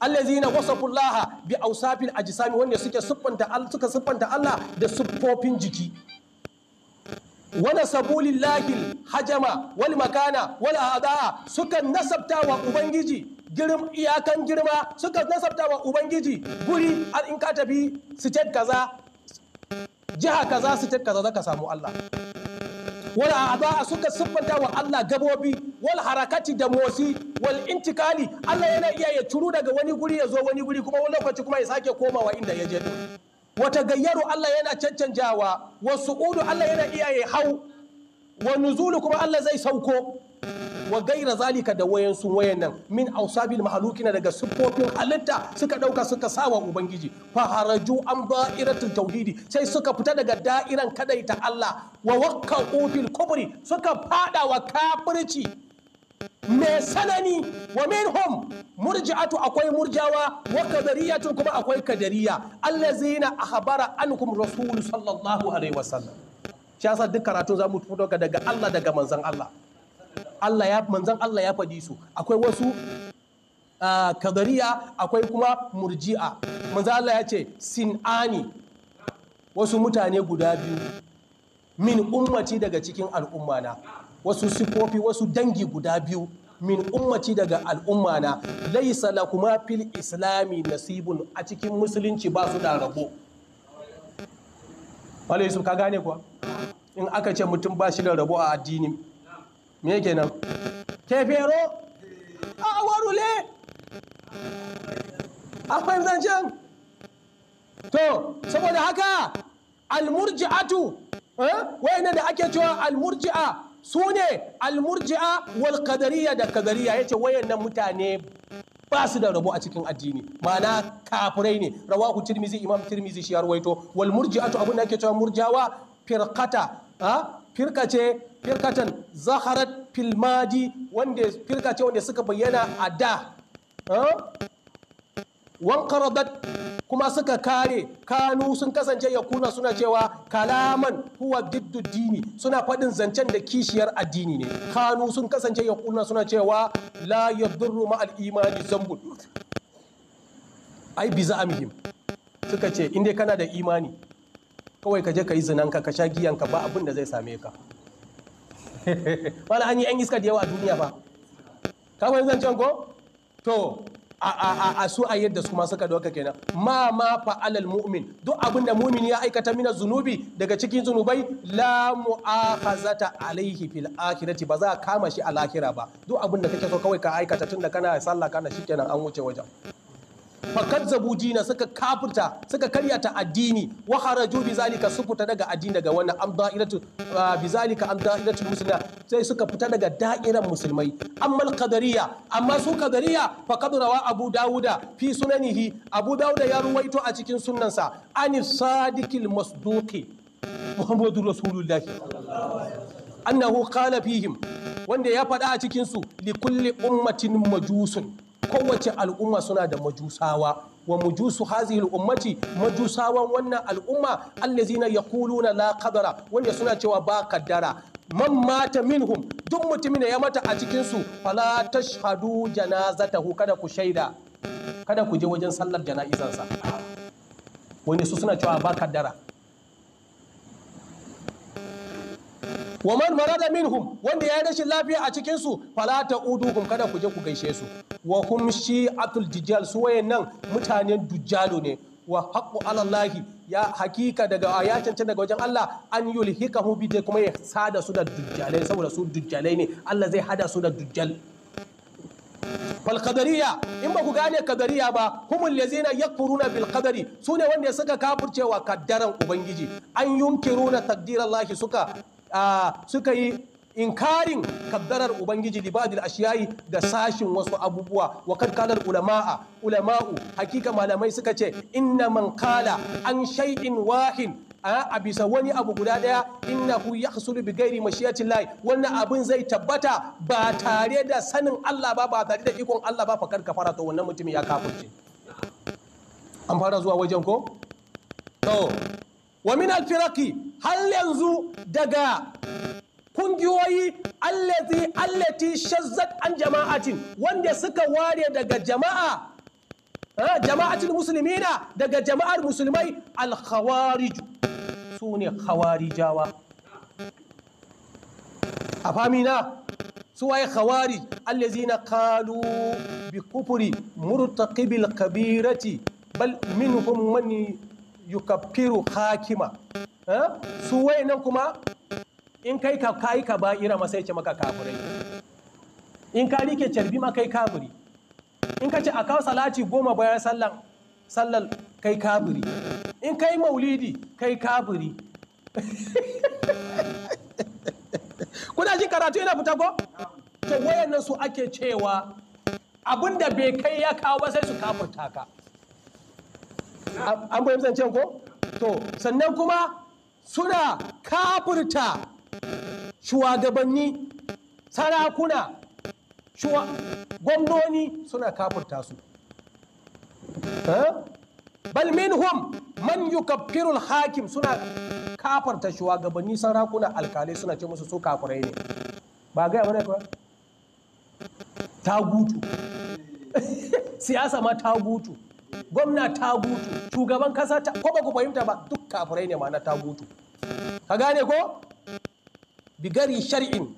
Speaker 1: allazina kullaha bi ausafil ajsami wanda suke siffanta suka siffanta Allah da siffofin jiki wani sabulin lagin hajama wani makana wani hada'a suka nasabta wa ubangiji girma iyakan girma suka nasabta ubangiji guri har in ka tafi sitet kaza jiha kaza sitet kaza zaka samu Allah wani a'da'a suka siffanta wa Allah gabobi wal harakati da motsi wal intikali Allah yana iya ya curu daga wani guri ya zo wani guri kuma wani lokaci kuma ya sake komawa inda ya je wata gayyaru Allah yana cancanjawa wasu udu Allah yana iyaye hau wa nuzulu kuma Allah zai sauko wa gaira zalika da wayansu wayan nan min ausabil mahalukina daga siffofin halitta suka dauka suka sawa ubangiji fa haraju an da'iratul tauhidi sai suka fita daga da'iran kadaita Allah wa waqqa'u bil kubri suka fada wa kafirci mai sanani wa minhum murji'atu akwai murjawa wa kadariyatun kuma akwai kadariya allazina ahbara ankum rasul sallallahu alaihi wasallam shi yasa duk karatu za mu fito daga Allah daga manzon Allah Allah ya manzon Allah ya faɗi su akwai wasu kadariya akwai kuma murji'a manzon Allah ya ce sin'ani wasu mutane guda biyu min ummati daga cikin al'ummana wasu sifofi wasu dangi guda biyu min ummaci daga al'umma na laisa la kuma fil islami nasibun a cikin musulunci ba su da rabo wale yusuf ka gane kuwa in aka ce mutum ba shi da rabo a addini me yake nan fero? a warule a fanzancen to saboda haka almurji'atu wa eh, wayanda da ake cewa almurji'a su ne almurji'a wal qadariya da kadariya yace wayannan mutane ba su da rabo a cikin addini ma'ana kafirai ne rawahu tirmizi imam tirmizi shi ya ruwaito wal murji'atu abun da ake cewa murjawa firqata ha firka firkatan zaharat filmadi wanda wanda suka bayyana a da wankaradat kuma suka kare kanu sun kasance kuna suna cewa kalaman huwa diddu dini suna faɗin zancen da kishiyar addini ne kanu sun kasance kuna suna cewa la yadurru ma al imani ai biza za'amhim suka ce inda kana da imani kawai ka je ka yi zinanka ka sha giyanka ba abin da zai same ka wala an yi yan iska da yawa a duniya ba kamar zancen ko to a su a yadda su masu suka ka kenan ma ma fa'alal mu'min duk abin da mu'min ya aikata mina zunubi daga cikin zunubai la mu'akhazata alaihi fil akhirati ba za a kama shi a lahira ba duk abin da kake so kawai ka aikata tun da kana sallah kana kenan, an wuce wajen fakazzabu dina suka kafirta suka karyata addini wa haraju bi zalika su fita daga addini daga wannan am da'iratu ah, bi zalika am muslima sai suka fita daga da'iran musulmai amma al amma su qadariya fa qadrawa abu dauda fi sunanihi abu dauda ya ruwaito a cikin sunnansa anis sadiqil masduqi muhammadur rasulullah annahu qala fihim wanda ya faɗa a cikin su li kulli ummatin majusun kowace al'umma suna da majusawa wa mujusu hazi al'ummaci? majusawan wannan al'umma allazina yaquluna la qadara wanda suna cewa ba kaddara man mata minhum duk mutumin da ya mata a cikin su fala tashhadu janazatahu kada ku shaida kada ku je wajen sallar jana'izansa Wani su suna cewa ba kaddara wa man marada minhum wanda ya rashin lafiya a cikin su fala ta'uduhum kada ku je ku gaishe su wa shi shi'atul dijjal su wayannan mutanen dujjalo ne wa haqqu alallahi ya hakika daga ya cancanta daga wajen Allah an yulhikahu bi dai kuma ya sada su da dujjalai saboda su dujjalai ne Allah zai hada su da dujjal fal qadariya in ba ku gane qadariya ba humul lazina yakfuruna bil qadari sune wanda suka kafurcewa kaddaran ubangiji an yunkiruna taqdirallahi suka suka yi inkarin kaddarar ubangiji libadil ashiyayi da sashin wasu abubuwa wa kad ulama'a ulama'u hakika malamai suka ce inna man kala an shay'in wahin a bisa wani abu guda daya ya hasulu bi mashiyacin mashiyatillahi wannan abin zai tabbata ba tare da sanin Allah ba ba tare da ikon Allah ba fakar ka fara to wannan mutumin ya kafirce an fara zuwa wajen ko to wa min alfiraki har yanzu daga kungiyoyi allati allati shazzat an jama'atin wanda suka ware daga jama'a jama'atin muslimina daga jama'ar musulmai al-khawarij su ne khawarijawa a famina su waye khawarij allazina qalu bi kufri murtaqibil kabirati bal minhum man yukaffiru hakima su nan kuma in kai ka kai ka ba'ira ira masa yake maka kafirai in ka rike carbi ma kai kafiri in ka ce a kawo salati goma bayan sallan sallar kai kafiri in kai maulidi kai kafiri kuna jin karatu yana fita ko to wayannan su ake cewa abinda bai kai ya kawo ba sai su kafurta ka an fahimci zancen ko to sannan kuma suna kafurta shugabanni sarakuna gwamnoni suna kafurta su eh? bal minhum man yukaffiru hakim suna kafarta shugabanni sarakuna alkalai suna ce musu su kafurai ne ba gaya mana kuwa ta gutu siyasa ma ta gutu gwamna ta gutu shugaban kasa ta ko ba ku fahimta ba duk kafirai ne ma ta gutu ka gane ko bigari shar'in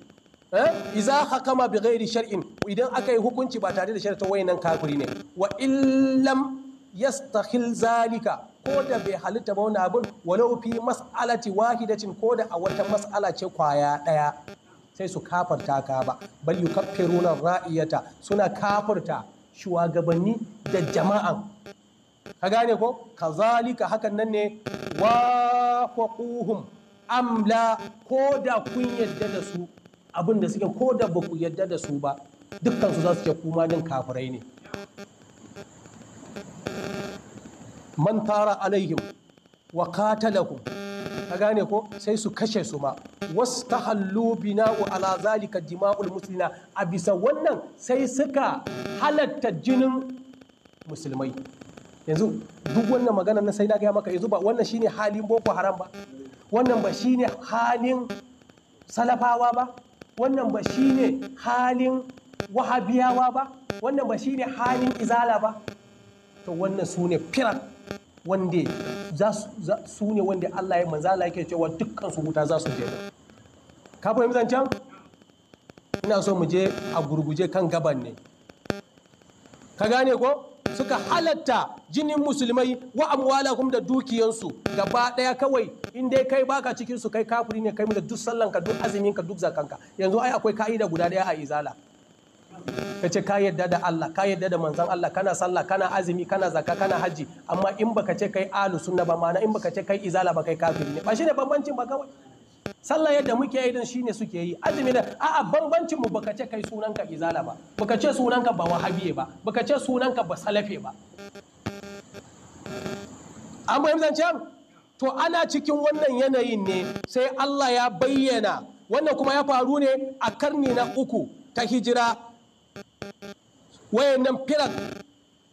Speaker 1: eh? iza hakama bi ghairi shar'in idan aka yi hukunci ba tare da sharta wayannan kafiri ne wa illam yastahil zalika ko da bai halitta ba wani abun walau fi mas'alati wahidatin ko da a wata mas'ala ce kwaya daya sai su kafarta ka ba bal yukaffiruna ra'iyata suna kafarta shuwagabanni da jama'an ka gane ko kazalika hakan nan ne wa kwakuhun amla ko da kun yadda da su abin da suke ko da baku ku yadda da su ba dukkan su za su ke kuma din kafirai ne man tara alaihim wa qatalahum ka gane ko sai su kashe su ma wasu ta hallu bina'u ala zalika jima'ul musulina a bisa wannan sai suka halatta jinin musulmai yanzu duk wannan maganar na sai na gaya maka yanzu ba wannan shine halin boko haram ba wannan ba shine halin salafawa ba wannan ba shine halin wahabiyawa ba wannan ba shine halin izala ba to wannan su ne firan wanda su ne wanda Allah ya Allah yake cewa dukkan su wuta za su je ka fahimci zancan ina so mu je a gurguje kan gaban ne ka gane ko suka halatta jinin musulmai wa kuma da dukiyansu gaba ɗaya kawai in dai kai baka cikin su kai kafiri ne kai da duk sallanka duk azumin ka duk zakanka yanzu ai akwai ka'ida guda ɗaya a izala Ka ce ka yadda da Allah ka yadda da manzon Allah kana sallah kana azumi kana zakka kana hajji, amma in baka ce kai alu sunna ba ma'ana in baka ce kai izala ba kai kafiri ne ba shine bambancin ba kawai sallah yadda muke yi din shine suke yi azumi da a'a bambancin mu baka ce kai sunanka izala ba baka ce sunanka ba wahabiye ba baka ce sunanka ba salafe ba an bayyana zancen to ana cikin wannan yanayin ne sai Allah ya bayyana wannan kuma ya faru ne a karni na uku ta hijira wayannan firak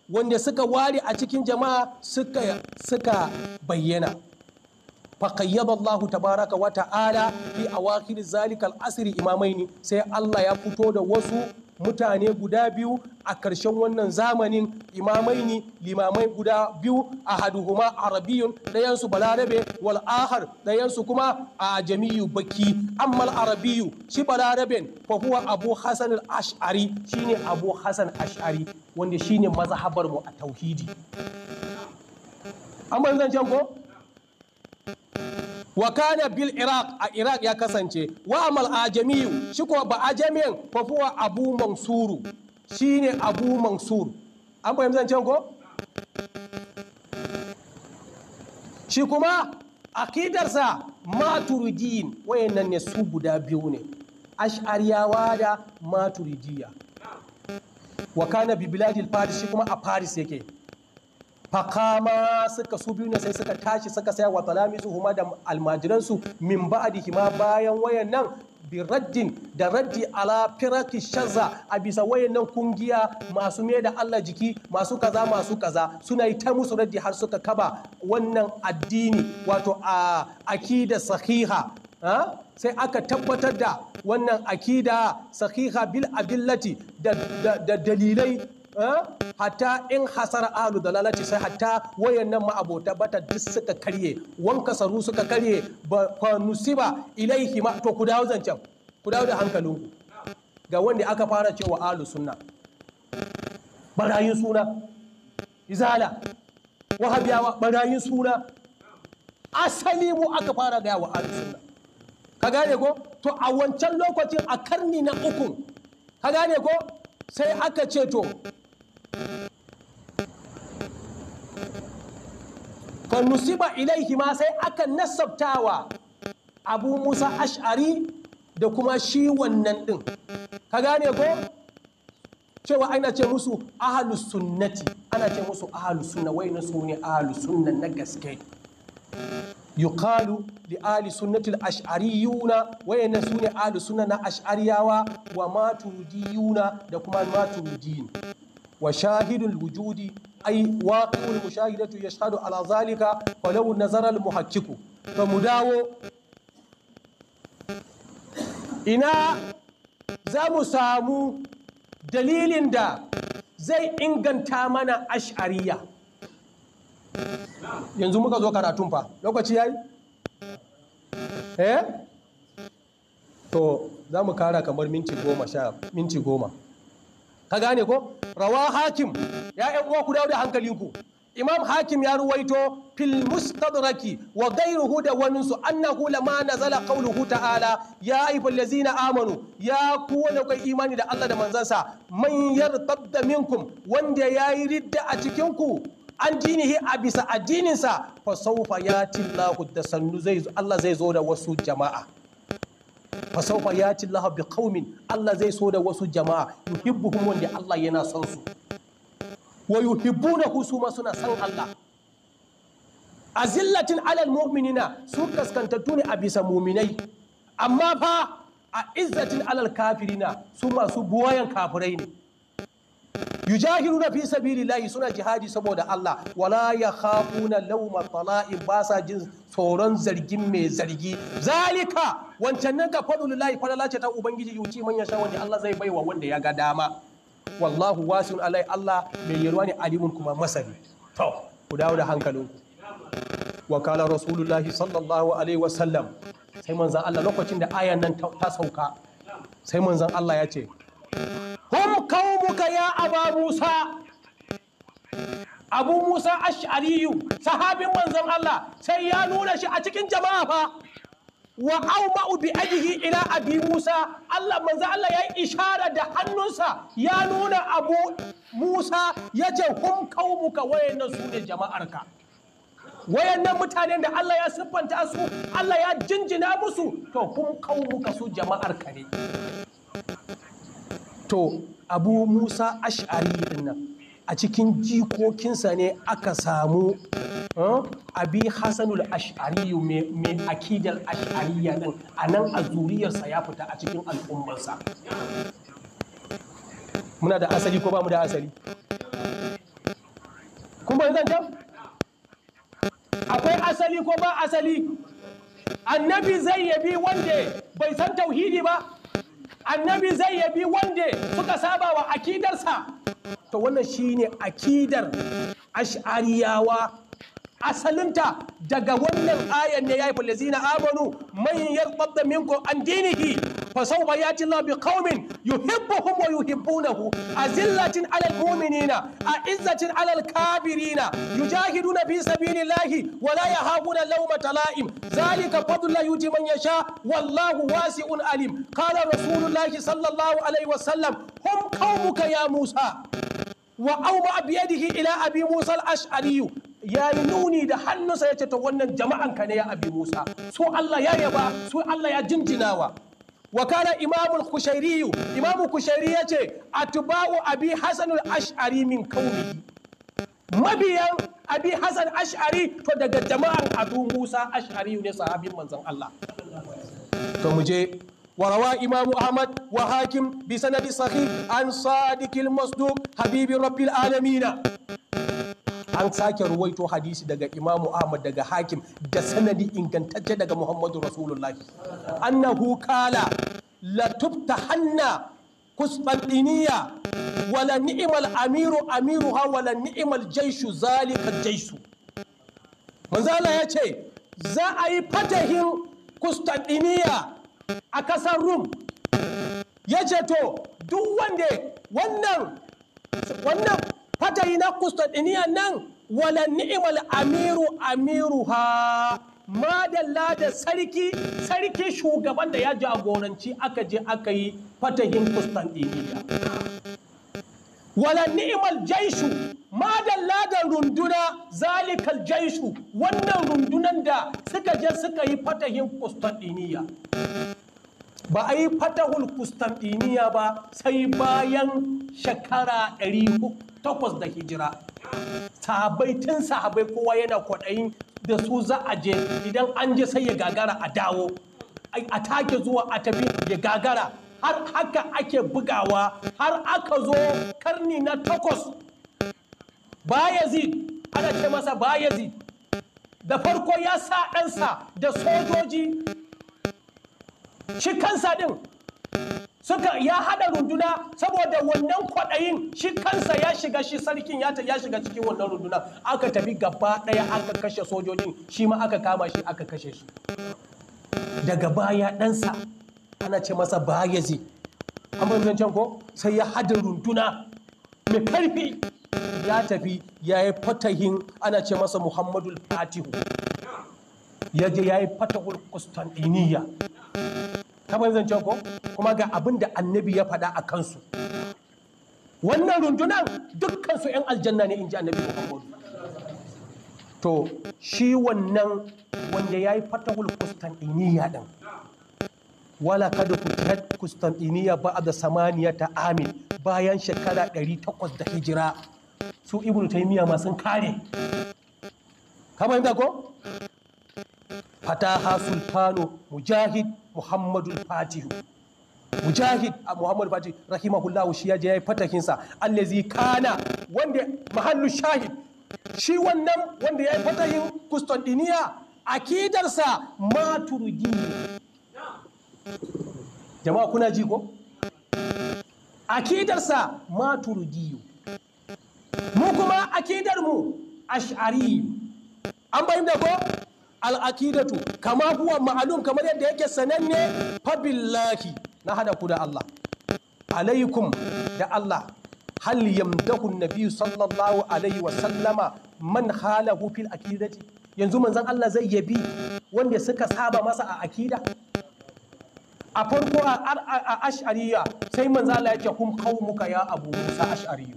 Speaker 1: wanda suka ware a cikin jama'a suka suka bayyana faqayyaba Allahu tabaraka wa ta'ala fi awakhir zalikal asri imamaini sai Allah ya fito da wasu mutane guda biyu a ƙarshen wannan zamanin imamaini limamai guda biyu a haduhuma arabiyun ɗayansu balarabe wal ahar ɗayansu kuma a jami'u baki ammal arabiyu shi balaraben fa huwa abu hasan ash'ari shine abu hasan ash'ari wanda shine mazhabar mu a tauhidi an zan ko wa kana bil iraq a iraq ya kasance wa amal ajamiyu shi ko ba ajamiyan fa fuwa abu mansuru shine abu mansur an fahimci zancen ko shi kuma akidarsa maturidiyin wayannan ne su guda biyu ne ash'ariyawa da maturidiya wa kana bi biladil faris shi kuma a faris yake fakama suka su biyu ne sai suka tashi suka saya wa talamisu huma da almajiransu min ba'dihi ma bayan wayan nan bi raddin da raddi ala firaki shazza a bisa wayan nan kungiya masu me da Allah jiki masu kaza masu kaza suna yi ta musu raddi har suka kaba wannan addini wato a akida sahiha sai aka tabbatar da wannan akida sahiha bil adillati da dalilai Eh? hatta in hasar da dalalati sai hatta wayannan ma'abota bata duk suka karye wanka saru suka karye ba nusiba ilaihi ma to ku dawo zancan ku dawo da hankalinku ga wanda aka fara cewa alu sunna barayin suna izala wahabiyawa barayin suna asali mu aka fara gaya wa alu sunna ka gane ko to a wancan lokacin a karni na uku ka gane ko sai aka ce to kan nusiba ilaihi ma sai aka nasabtawa abu musa ash'ari da kuma shi wannan din. ka gane ko cewa ana ce musu ahalus sunnati ana ce musu ahalus sunna wai na su ahalus sunna na gaske yuqalu li ahli sunnati al-ash'ariyuna wai na su ahalus sunna na ash'ariyawa wa maturidiyuna da kuma maturidin wa shahidul wujudi ai waqi'ul mushahidatu ya ala zalika falau nazara al muhaqqiqu to mu dawo ina za mu samu dalilin da zai inganta mana ash'ariya yanzu muka zo karatun fa lokaci yayi eh to za mu kara kamar minti goma sha minti goma ka gane ko rawa hakim ya yan uwa ku dawo da hankalinku imam hakim ya ruwaito fil mustadraki wa ghayruhu da wani su annahu lama nazala qawluhu ta'ala ya ayyuhal ladzina amanu ya ku wanda kai imani da Allah da manzansa man yartadda minkum wanda yayi ridda a cikin ku an dinihi a bisa addininsa fa sawfa yati Allahu tasannu zai Allah zai zo da wasu jama'a fasaufa ya ci Allah bi kaumin Allah zai so da wasu jama'a yuhibbuhum wanda Allah yana son su wa yuhibbunahu su ma suna san Allah azillatin alal mu'minina su kaskantattu ne a bisa muminai amma fa a izzatin alal kafirina su masu buwayan kafirai ne yujahiruna fi sabilillahi suna jihadi saboda Allah wala yakhafuna lawma tala'in ba sa jin tsoron zargin mai zargi zalika wancan nan ka fadu lillahi fadala ce ta ubangiji yuci manyan sha wanda Allah zai baiwa wanda ya ga dama wallahu wasiun alai Allah mai yarwa ne alimun kuma masani to ku dawo da hankalinku wa kala rasulullahi sallallahu alaihi wasallam sai manzan Allah lokacin da ayan nan ta sauka sai manzan Allah ya ce hum kaumuka ya aba musa abu musa ash'ariyu sahabin manzon Allah sai ya nuna shi a cikin jama'a fa wa auma'u bi ajihi ila abi musa Allah manzon Allah ya ishara da hannunsa ya nuna abu musa ya ce hum kaumuka wayannan su ne jama'arka wayannan mutanen da Allah ya siffanta su Allah ya jinjina musu to hum kaumuka su jama'arka ne to abu musa ash'ari nan a cikin jikokinsa ne aka samu eh, abi hasanul ash'ari mai akidar ash'ariya din a nan a zuriyarsa ya fita a cikin al'ummarsa muna da asali ko ba mu da asali kuma zan can akwai asali ko ba asali annabi zai yabi wanda bai san tauhidi ba annabi zai yabi wanda suka saba wa akidarsa to wannan shine akidar ash'ariyawa asalinta daga wannan ayan ne yayi falazina amanu man yarqadda minkum an dinihi فسوف ياتي الله بقوم يحبهم ويحبونه أذلة على المؤمنين أعزة على الكافرين يجاهدون في سبيل الله ولا يهابون لومة لائم ذلك فضل الله يؤتي من يشاء والله واسع عليم قال رسول الله صلى الله عليه وسلم هم قومك يا موسى وأومأ بيده إلى أبي موسى الأشعري ya yi nuni da hannunsa ya ce ta wannan jama'anka ne ya abi musa su allah ya yaba su allah ya jinjinawa wakala imamul kushairiyu imamu kushairi ya ce atuba'u abi hasanul ash'ari min kauni mabiyan abi hasan ash'ari to daga jama'an abu musa ash'ari ne sahabin manzon allah to mu je وروى إمام أحمد وحاكم بسند صحيح عن صادق المصدوق حبيب رب العالمين an sake ruwaito hadisi daga imamu ahmad daga hakim da sanadi ingantacce daga muhammadu rasulullahi annahu kala la tubta hanna kusbandiniya wala ni'imal amiru amiru ha wala ni'imal jaishu zalika jaishu manzala ya ce za a yi fatahin kustantiniya a kasar rum ya ce to duk wanda wannan wannan fatayi na Kustantiniyan nan wala ni'imal amiru Amiru ha madalla da sarki sarki shugaban da ya jagoranci aka je aka yi fatahin Kustantiniya wala ni'imal jaishu madalla da runduna zalikal jaishu wannan rundunan da suka je suka yi fatahin Kustantiniya ba a yi fatahul kustantiniya ba sai bayan shekara 800 da hijira sahabai tun sahabai kowa yana kwaɗayin da su za a je idan an je sai ya gagara a dawo a take zuwa a tafi ya gagara har haka ake bugawa har aka zo karni na takwas bayazid ana ce masa bayazid da farko ya sa ɗansa da sojoji shi kansa din suka ya hada runduna saboda wannan kwaɗayin shi kansa ya shiga shi sarkin ya shiga cikin wannan runduna aka tafi gaba ɗaya aka kashe sojojin shi ma aka kama shi aka kashe shi daga baya ɗansa ana ce masa bayezi an zancen ko sai ya hada runduna mai karfi ya tafi ya yi fatahin ana ce masa muhammadul fatihu ya je ya yi fatahul kustantiniya kamar zance ko kuma ga abin da annabi ya faɗa a kansu wannan rundunar dukkansu 'yan aljanna ne in ji annabi muhammadu to shi wannan wanda ya yi fatahul kustantiniya ɗin wala kada ku tat kustantiniya ba da samaniya ta amin bayan shekara 800 da hijira su ibnu taymiya ma kare kamar ko fataha Sultano mujahid Muhammadu fatihu mujahid a ah, muhammadu fatihu rahimahullahu shi ya je ya yi fatakinsa allazi kana wanda mahallu shahid shi wannan wanda ya yi fatahin kustantiniya akidarsa maturidi jama'a kuna ji ko akidarsa maturidiyu mu kuma akidar mu ash'ari an bayyana ko al'akidatu kama huwa ma'alum kamar yadda yake sananne fabillahi na hada ku da Allah alaikum da Allah hal yamdahu nabi sallallahu alaihi wa sallama man halahu fil akidati yanzu manzon Allah zai yabi wanda suka saba masa a akida a farko a ash'ariya sai manzon Allah ya ce muka qaumuka ya abu musa ash'ariyu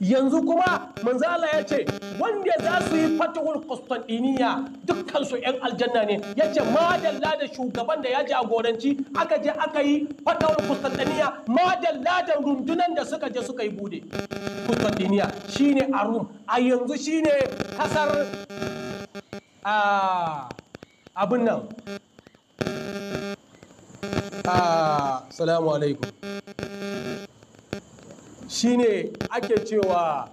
Speaker 1: yanzu kuma manzala ya ce wanda za su yi fatihul Constantiniya dukkansu 'yan aljanna ne ya ce madalla da shugaban da ya jagoranci aka je aka yi fatihul kostantiniya madalla da rundunan da suka je suka yi bude shi shine a Rum a yanzu shine kasar abin nan salamu alaikum Shi ne ake cewa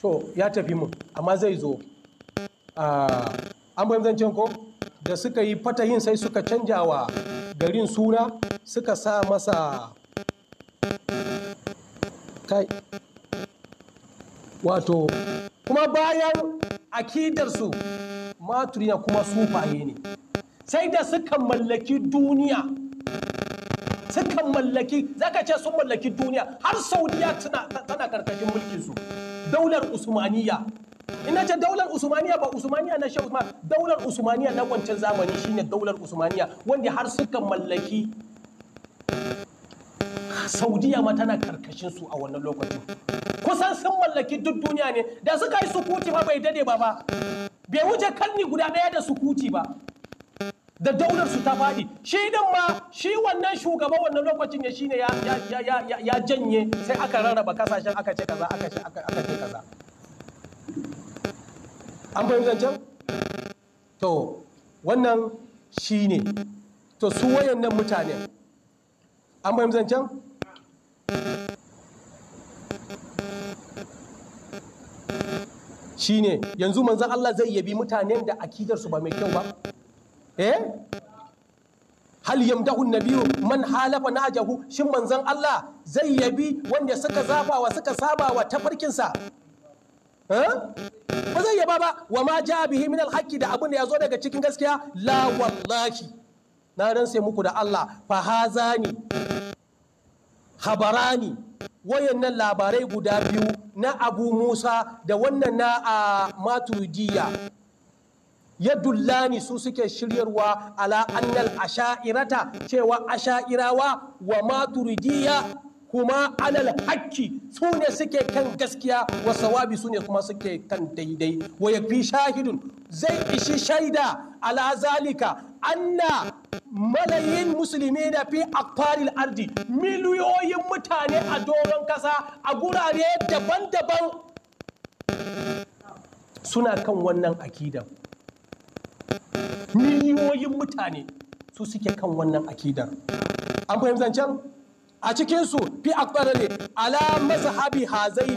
Speaker 1: to ya tafi mu. amma zai zo ah, an banzancin ko da suka yi fatahin sai suka canja wa garin suna suka sa masa kai wato kuma bayan akidarsu maturiya kuma sufaye ne sai da suka mallaki duniya suka mallaki zaka ce sun mallaki duniya har saudiya tana karkashin mulkin su daular usmaniya ina ce daular usmaniya ba usmaniya na shehu usman daular usmaniya na wancan zamani shine daular usmaniya wanda har suka mallaki saudiya ma tana karkashin su a wannan lokacin kusan sun mallaki duk duniya ne da suka yi sukuti ba bai dade ba ba bai wuce karni guda daya da sukuti ba da daular su ta faɗi shi din ma shi wannan shugaban wannan lokacin ya shine ya ya ya ya janye sai aka rarraba kasashen aka ce kaza aka ce aka ce kaza an fahimta can to wannan shine to su wayannan mutane an fahimta can shine yanzu manzon Allah zai yabi mutanen da su ba mai kyau ba eh hal yamdahu nabiyu man halafa najahu shin manzon Allah zai yabi wanda suka zabawa suka sabawa sa eh? ba zai yaba ba wa ma ja bihi min alhaqi da abun da yazo daga cikin gaskiya la wallahi na ran sai muku da Allah fa hazani habarani wayannan labarai guda biyu na Abu Musa da wannan na a ah, Maturidiyya ya dullani su suke shiryarwa ala annal asha'irata cewa asha'irawa wa maturidiya kuma alal hakki su ne suke kan gaskiya wa sawabi su ne kuma suke kan daidai wa ya fi shahidun zai ishi shaida ala zalika anna malayin musulmi na fi akfaril ardi miliyoyin mutane a doron kasa a gurare daban-daban suna kan wannan akidan. miliyoyin mutane su suke kan wannan akidar an fahimci zancen a cikinsu fi akbarale ala mazhabi hazaini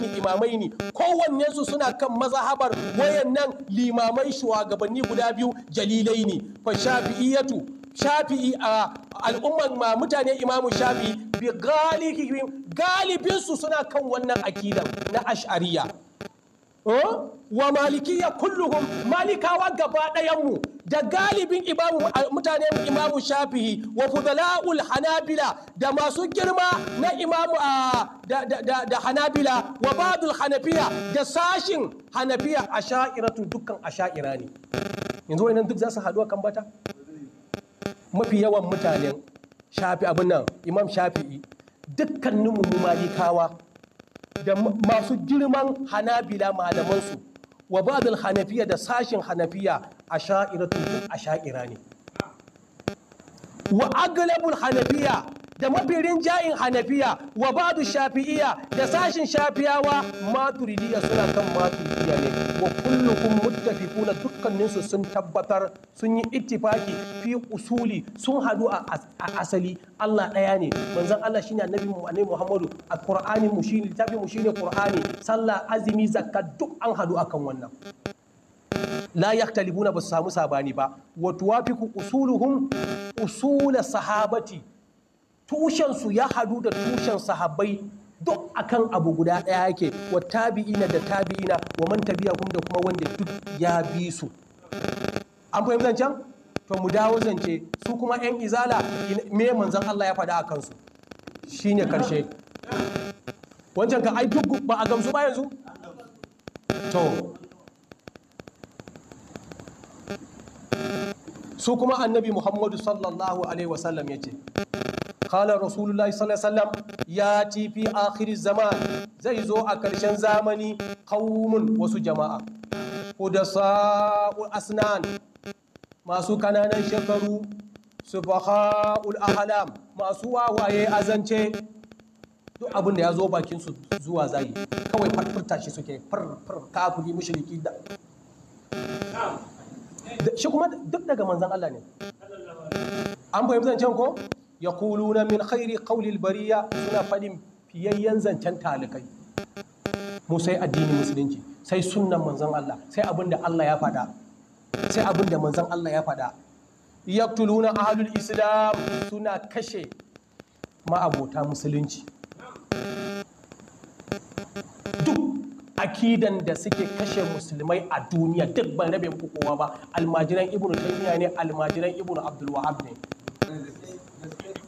Speaker 1: ne. kowannensu suna kan mazhabar wayannan limamai shugabanni guda biyu jalilai ne fa shafi'iyatu shafi'i a al'ummar ma mutane imamu shafi'i bi galibinsu suna kan wannan akidar na ash'ariya wa malikiya kulluhum malikawa gaba ɗayanmu da galibin mutane mutanen imamu shafi'i wa fudala'ul hanabila da masu girma na imamu da, hanabila wa badul hanafiya da sashin hanafiya a sha'iratu dukkan a sha'ira ne yanzu wani duk za su haɗu a kan bata mafi yawan mutanen shafi abin nan imam shafi'i dukkaninmu malikawa da masu girman hanabila malamansu wa ba'dul hanafiya da sashin hanafiya a sha'ira ne wa aglabul hanafiya da mafirin ja'in hanafiya wa ba'du shafi'iya da sashin shafiyawa maturidiya suna kan maturidiya ne wa kullukum muttafiquna dukkanin su sun tabbatar sun yi ittifaki fi usuli sun hadu a asali Allah ɗaya ne manzon Allah shine annabi annabi Muhammadu alqur'ani mu shine littafin mu shine qur'ani sallah azumi zakka duk an hadu a kan wannan la yaktalibuna ba su samu sabani ba wa tuwafiqu usuluhum usula sahabati tushensu ya hadu da tushen sahabbai duk akan abu guda ɗaya yake wa tabi'ina da tabi'ina wa man tabi'ahum da kuma wanda duk ya bi su an fahimci zancen to mu dawo zance su kuma yan izala me manzon Allah ya faɗa a kansu shine karshe wancan ka ai duk ba a gamsu ba yanzu to su kuma annabi Muhammadu sallallahu alaihi wasallam ya ce. kala rasulullahi sallallahu alaihi wasallam ya ci fi akhir zaman zai zo a karshen zamani qaumun wasu jama'a hudasa'ul asnan masu kananan shekaru ul ahlam masu wawaye azance duk abin da ya zo bakin su zuwa zai kawai farfurta shi suke farfar kafiri mushriki da shi kuma duk daga manzan Allah ne an fahimta zancen ko na min khairi kaulil bariya suna faɗin fiyayyen zancen talikai mu sai addini musulunci sai sunnan manzon Allah sai abin da Allah ya faɗa sai abin da manzon Allah ya faɗa yaqtuluna ahlul islam suna kashe ma'abota musulunci duk akidan da suke kashe musulmai a duniya duk ban rabe kowa ba almajiran ibnu taymiya ne almajiran ibnu abdul wahab ne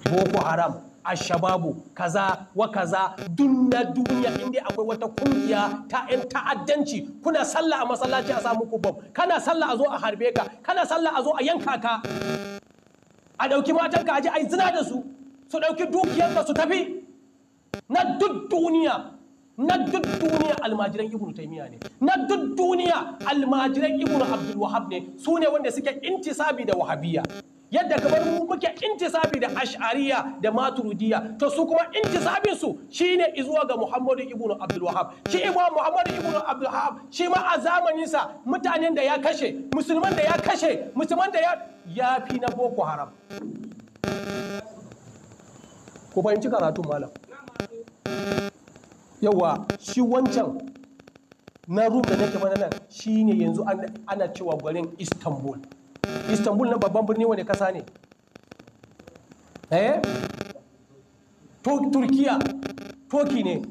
Speaker 1: boko haram ashababu kaza wa kaza duk na duniya inda akwai wata kungiya ta yan ta'addanci kuna sallah a masallaci a samu kubbam kana sallah a zo a harbe ka kana sallah a zo a yanka ka a ɗauki matan a aji a zina da su su ɗauki dukiyarka su tafi na duk duniya na duk duniya almajiran ibnu taymiya ne na duk duniya almajiran ibnu abdul wahab ne su ne wanda suke intisabi da wahabiyya yadda kamar mu muke intisabi da ash'ariya da maturidiya to su kuma intisabin su shine izuwa ga Muhammadu ibnu Abdul wahab shi Imam Muhammadu ibnu Abdul wahab shi ma a zamanin sa mutanen da ya kashe musulman da ya kashe musulman da ya ya fi na Boko Haram ku fahimci karatun malam yawa shi wancan na rum da nake mana nan shine yanzu ana cewa garin Istanbul istanbul na babban birni wani kasa ne eh turkiya toki ne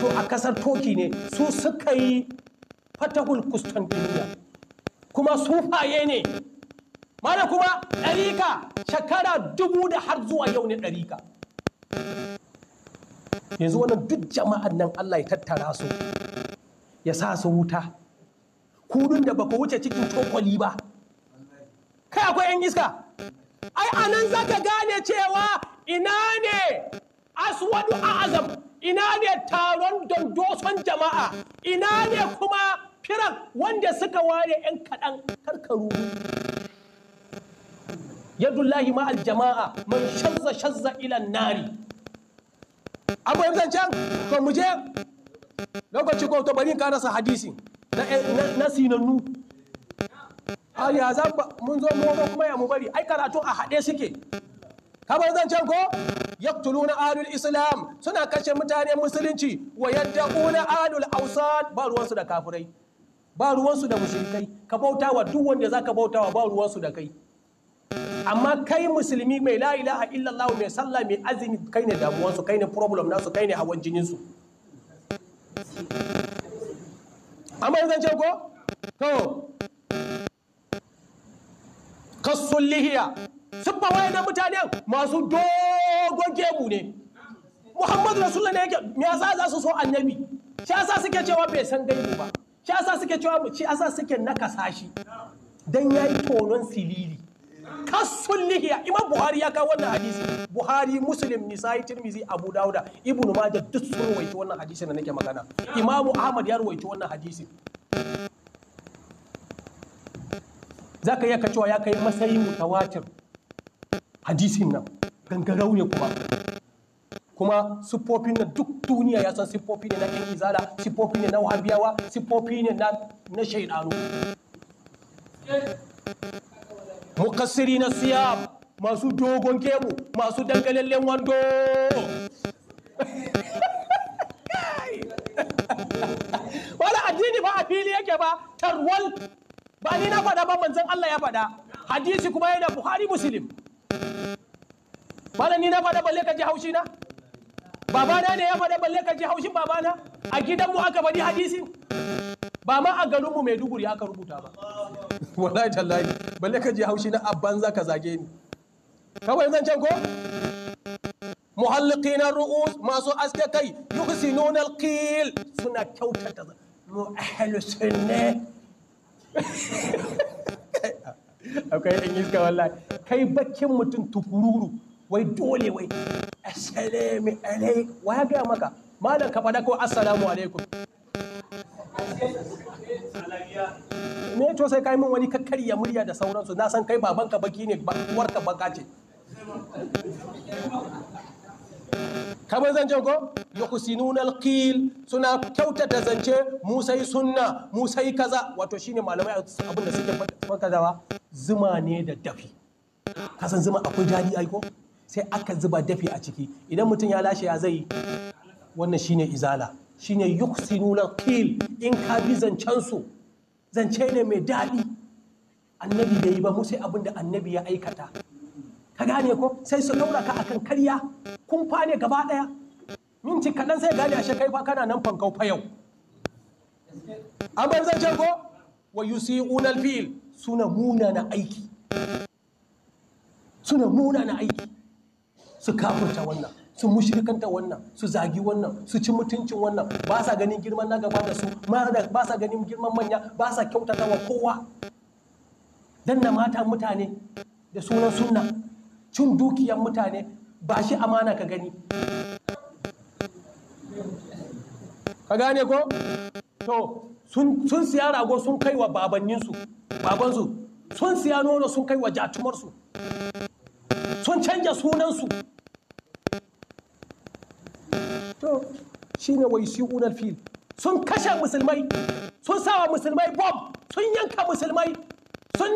Speaker 1: to a kasar toki ne su suka yi fatahul kustantiniya kuma sufaye ne mana kuma ɗarika shekara dubu da har zuwa yau ne ɗarika yanzu wannan duk jama'an nan Allah ya tattara su ya sa su wuta kudin da baka wuce cikin cokoli ba kai akwai 'yan iska ai anan za ka gane cewa ina ne aswadu a azam ina ne taron dandoson jama'a ina ne kuma firan wanda suka ware 'yan kaɗan karkaru yadullahi ma aljama'a man shazza shazza ilan nari abu zan can to muje. lokaci ko bari karasa hadisi na sinannu a ya za mun zo mu kuma ya mu bari ai karatu a haɗe suke kamar zancen ko na adul islam suna kashe mutane musulunci wa yadda yadda'una adul awsan ba ruwansu da kafirai ba ruwansu da mushrikai ka bauta wa duk wanda zaka bauta wa ba ruwansu da kai amma kai musulmi mai la ilaha illallah mai sallah mai azumi kai ne damuwansu kai ne problem nasu kai ne hawan jininsu amma zancen ko to kassun lihiya ba wayannan mutane masu dogon kebu ne muhammadu rasulullah ne yake me yasa za su so annabi shi yasa suke cewa bai san gaibu ba shi yasa suke cewa shi yasa suke nakasa shi dan yayi tonon silili kassun lihiya imam buhari ya kawo wannan hadisi buhari muslim nisa'i tirmizi abu dauda ibnu majah duk sun rawaito wannan hadisi da nake magana imamu ahmad ya rawaito wannan hadisi za ka iya cewa ya kai matsayin mutawatir hadisin nan gangarau ne kuma kuma siffofi na duk duniya ya san siffofi ne na yan izala siffofi ne na wahabiyawa siffofi ne na shaidanu mukassiri na siya masu dogon kebu masu dangalallen wando wani addini ba a fili yake ba tarwal ba ni na faɗa ba manzon Allah ya faɗa hadisi kuma yana Bukhari Muslim bala ni na faɗa balle ka ji haushi na babana ne ya faɗa balle ka ji haushin babana a gidan mu aka faɗi hadisi ba ma a mu mai duguri aka rubuta ba wallahi tallahi balle ka ji haushi na abban zaka zage ni kawai zan can ko muhalliqin ru'us masu aske kai yuhsinuna al suna kyautata mu ahlus sunnah akwai yan iska wallahi kai bakin mutum tukururu wai dole wai assalamu alaikum wa ga maka malam ka fada ko assalamu alaikum ne to sai kai min wani kakkarya murya da sauransu na san kai babanka baki ne uwarka baka ce kamar zancen ko yuhsinuna alqil suna kyautata zance musai sunna musai kaza wato shine malamai abin da suke faɗa zuma ne da dafi kasan zuma akwai daɗi ai ko sai aka zuba dafi a ciki idan mutum ya lashe ya zai wannan shine izala shine yuksinuna alqil in ka bi zancen su zance ne mai daɗi annabi bai ba mu sai abin da annabi ya aikata ka gane ko sai su ɗaura ka akan karya kumfa ne gaba ɗaya minti kaɗan sai gane a shekai fa kana nan fankau fa yau an zan ce ko wa unal alfil suna muna na aiki suna muna na aiki su kafurta wannan su mushrikanta wannan su zagi wannan su ci mutuncin wannan ba sa ganin girman na gaba da su ba sa ganin girman manya ba sa kyautata wa kowa na mata mutane da sunan sunna cin dukiyar mutane ba shi amana ka gani ka gane ko to sun siya rago sun kai wa babanninsu babansu sun siya nono sun kai wa jatumarsu sun canja sunansu to shine wai shi unar fil sun kashe musulmai sun sawa musulmai bomb sun yanka musulmai sun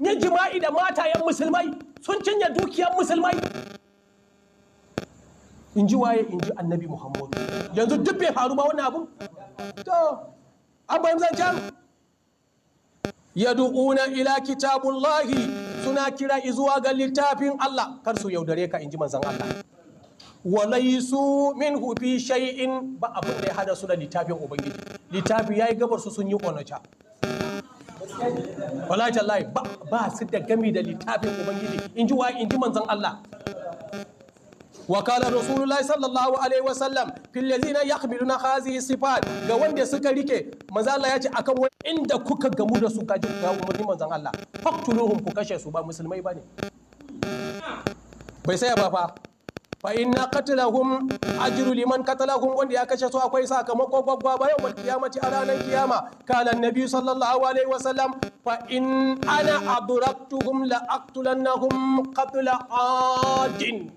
Speaker 1: ya jima'i da matayen musulmai sun cinye dukiyar musulmai in ji waye in ji annabi muhammadu yanzu duk bai faru ba wani abu to abin zancen yad'una ila kitabullahi suna kira izuwa ga littafin Allah kar su yaudare ka inji manzon Allah walaisu minhu fi shay'in ba abin da ya hada su da littafin ubangiji littafi yayi gabar su sun yi konacha wallahi tallahi ba su da gami da littafin ubangiji in ji wa in ji manzan Allah وقال رسول الله صلى الله عليه وسلم في الذين يقبلون هذه الصفات ga wanda suka rike manzo Allah ya ce akan inda kuka gamu da su kaji ga umarni manzon Allah faqtuluhum ku kashe su ba musulmai bane bai sai ba fa fa inna qatlahum ajru liman qatalahum wanda ya kashe su akwai sakamako gwaggwa bayan wal kiyamati a ranar kiyama kala annabi sallallahu alaihi wasallam fa in ana adraktuhum la aqtulannahum qatla adin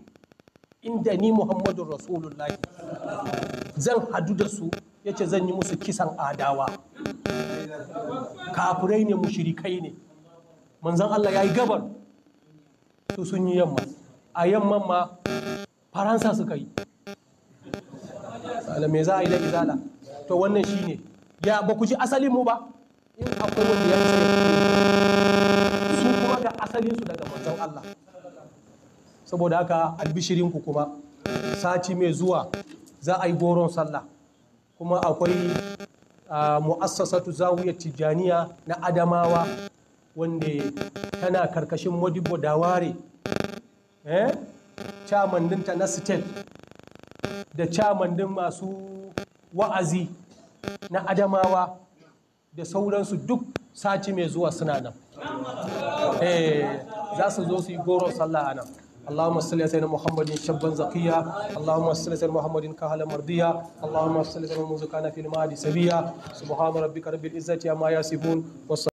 Speaker 1: inda ni muhammadur rasulullah zan hadu da su yace zan yi musu kisan adawa kafirai ne mushrikai ne manzon Allah yayi gabar su sun yi yamma a yamman ma faransa suka yi me za a yi da izala to wannan shi ne. ya ba ku ji asalin mu ba in akwai wanda ya su kuma ga asalin su daga manzon Allah saboda haka albishirin ku kuma sati mai zuwa za a yi goron sallah kuma akwai mu'assasatu zawiyar tijjaniya na adamawa wanda tana karkashin modibo daware eh chairman din na state da chairman din masu wa'azi na adamawa da sauransu duk sati mai zuwa suna nan eh, za su zo su yi goro sallah a nan اللهم صل على محمد شبا زكيا اللهم صل على محمد كهلا مرضيا اللهم صل على موسى كان في المادي سبيا سبحان ربك رب العزه عما يصفون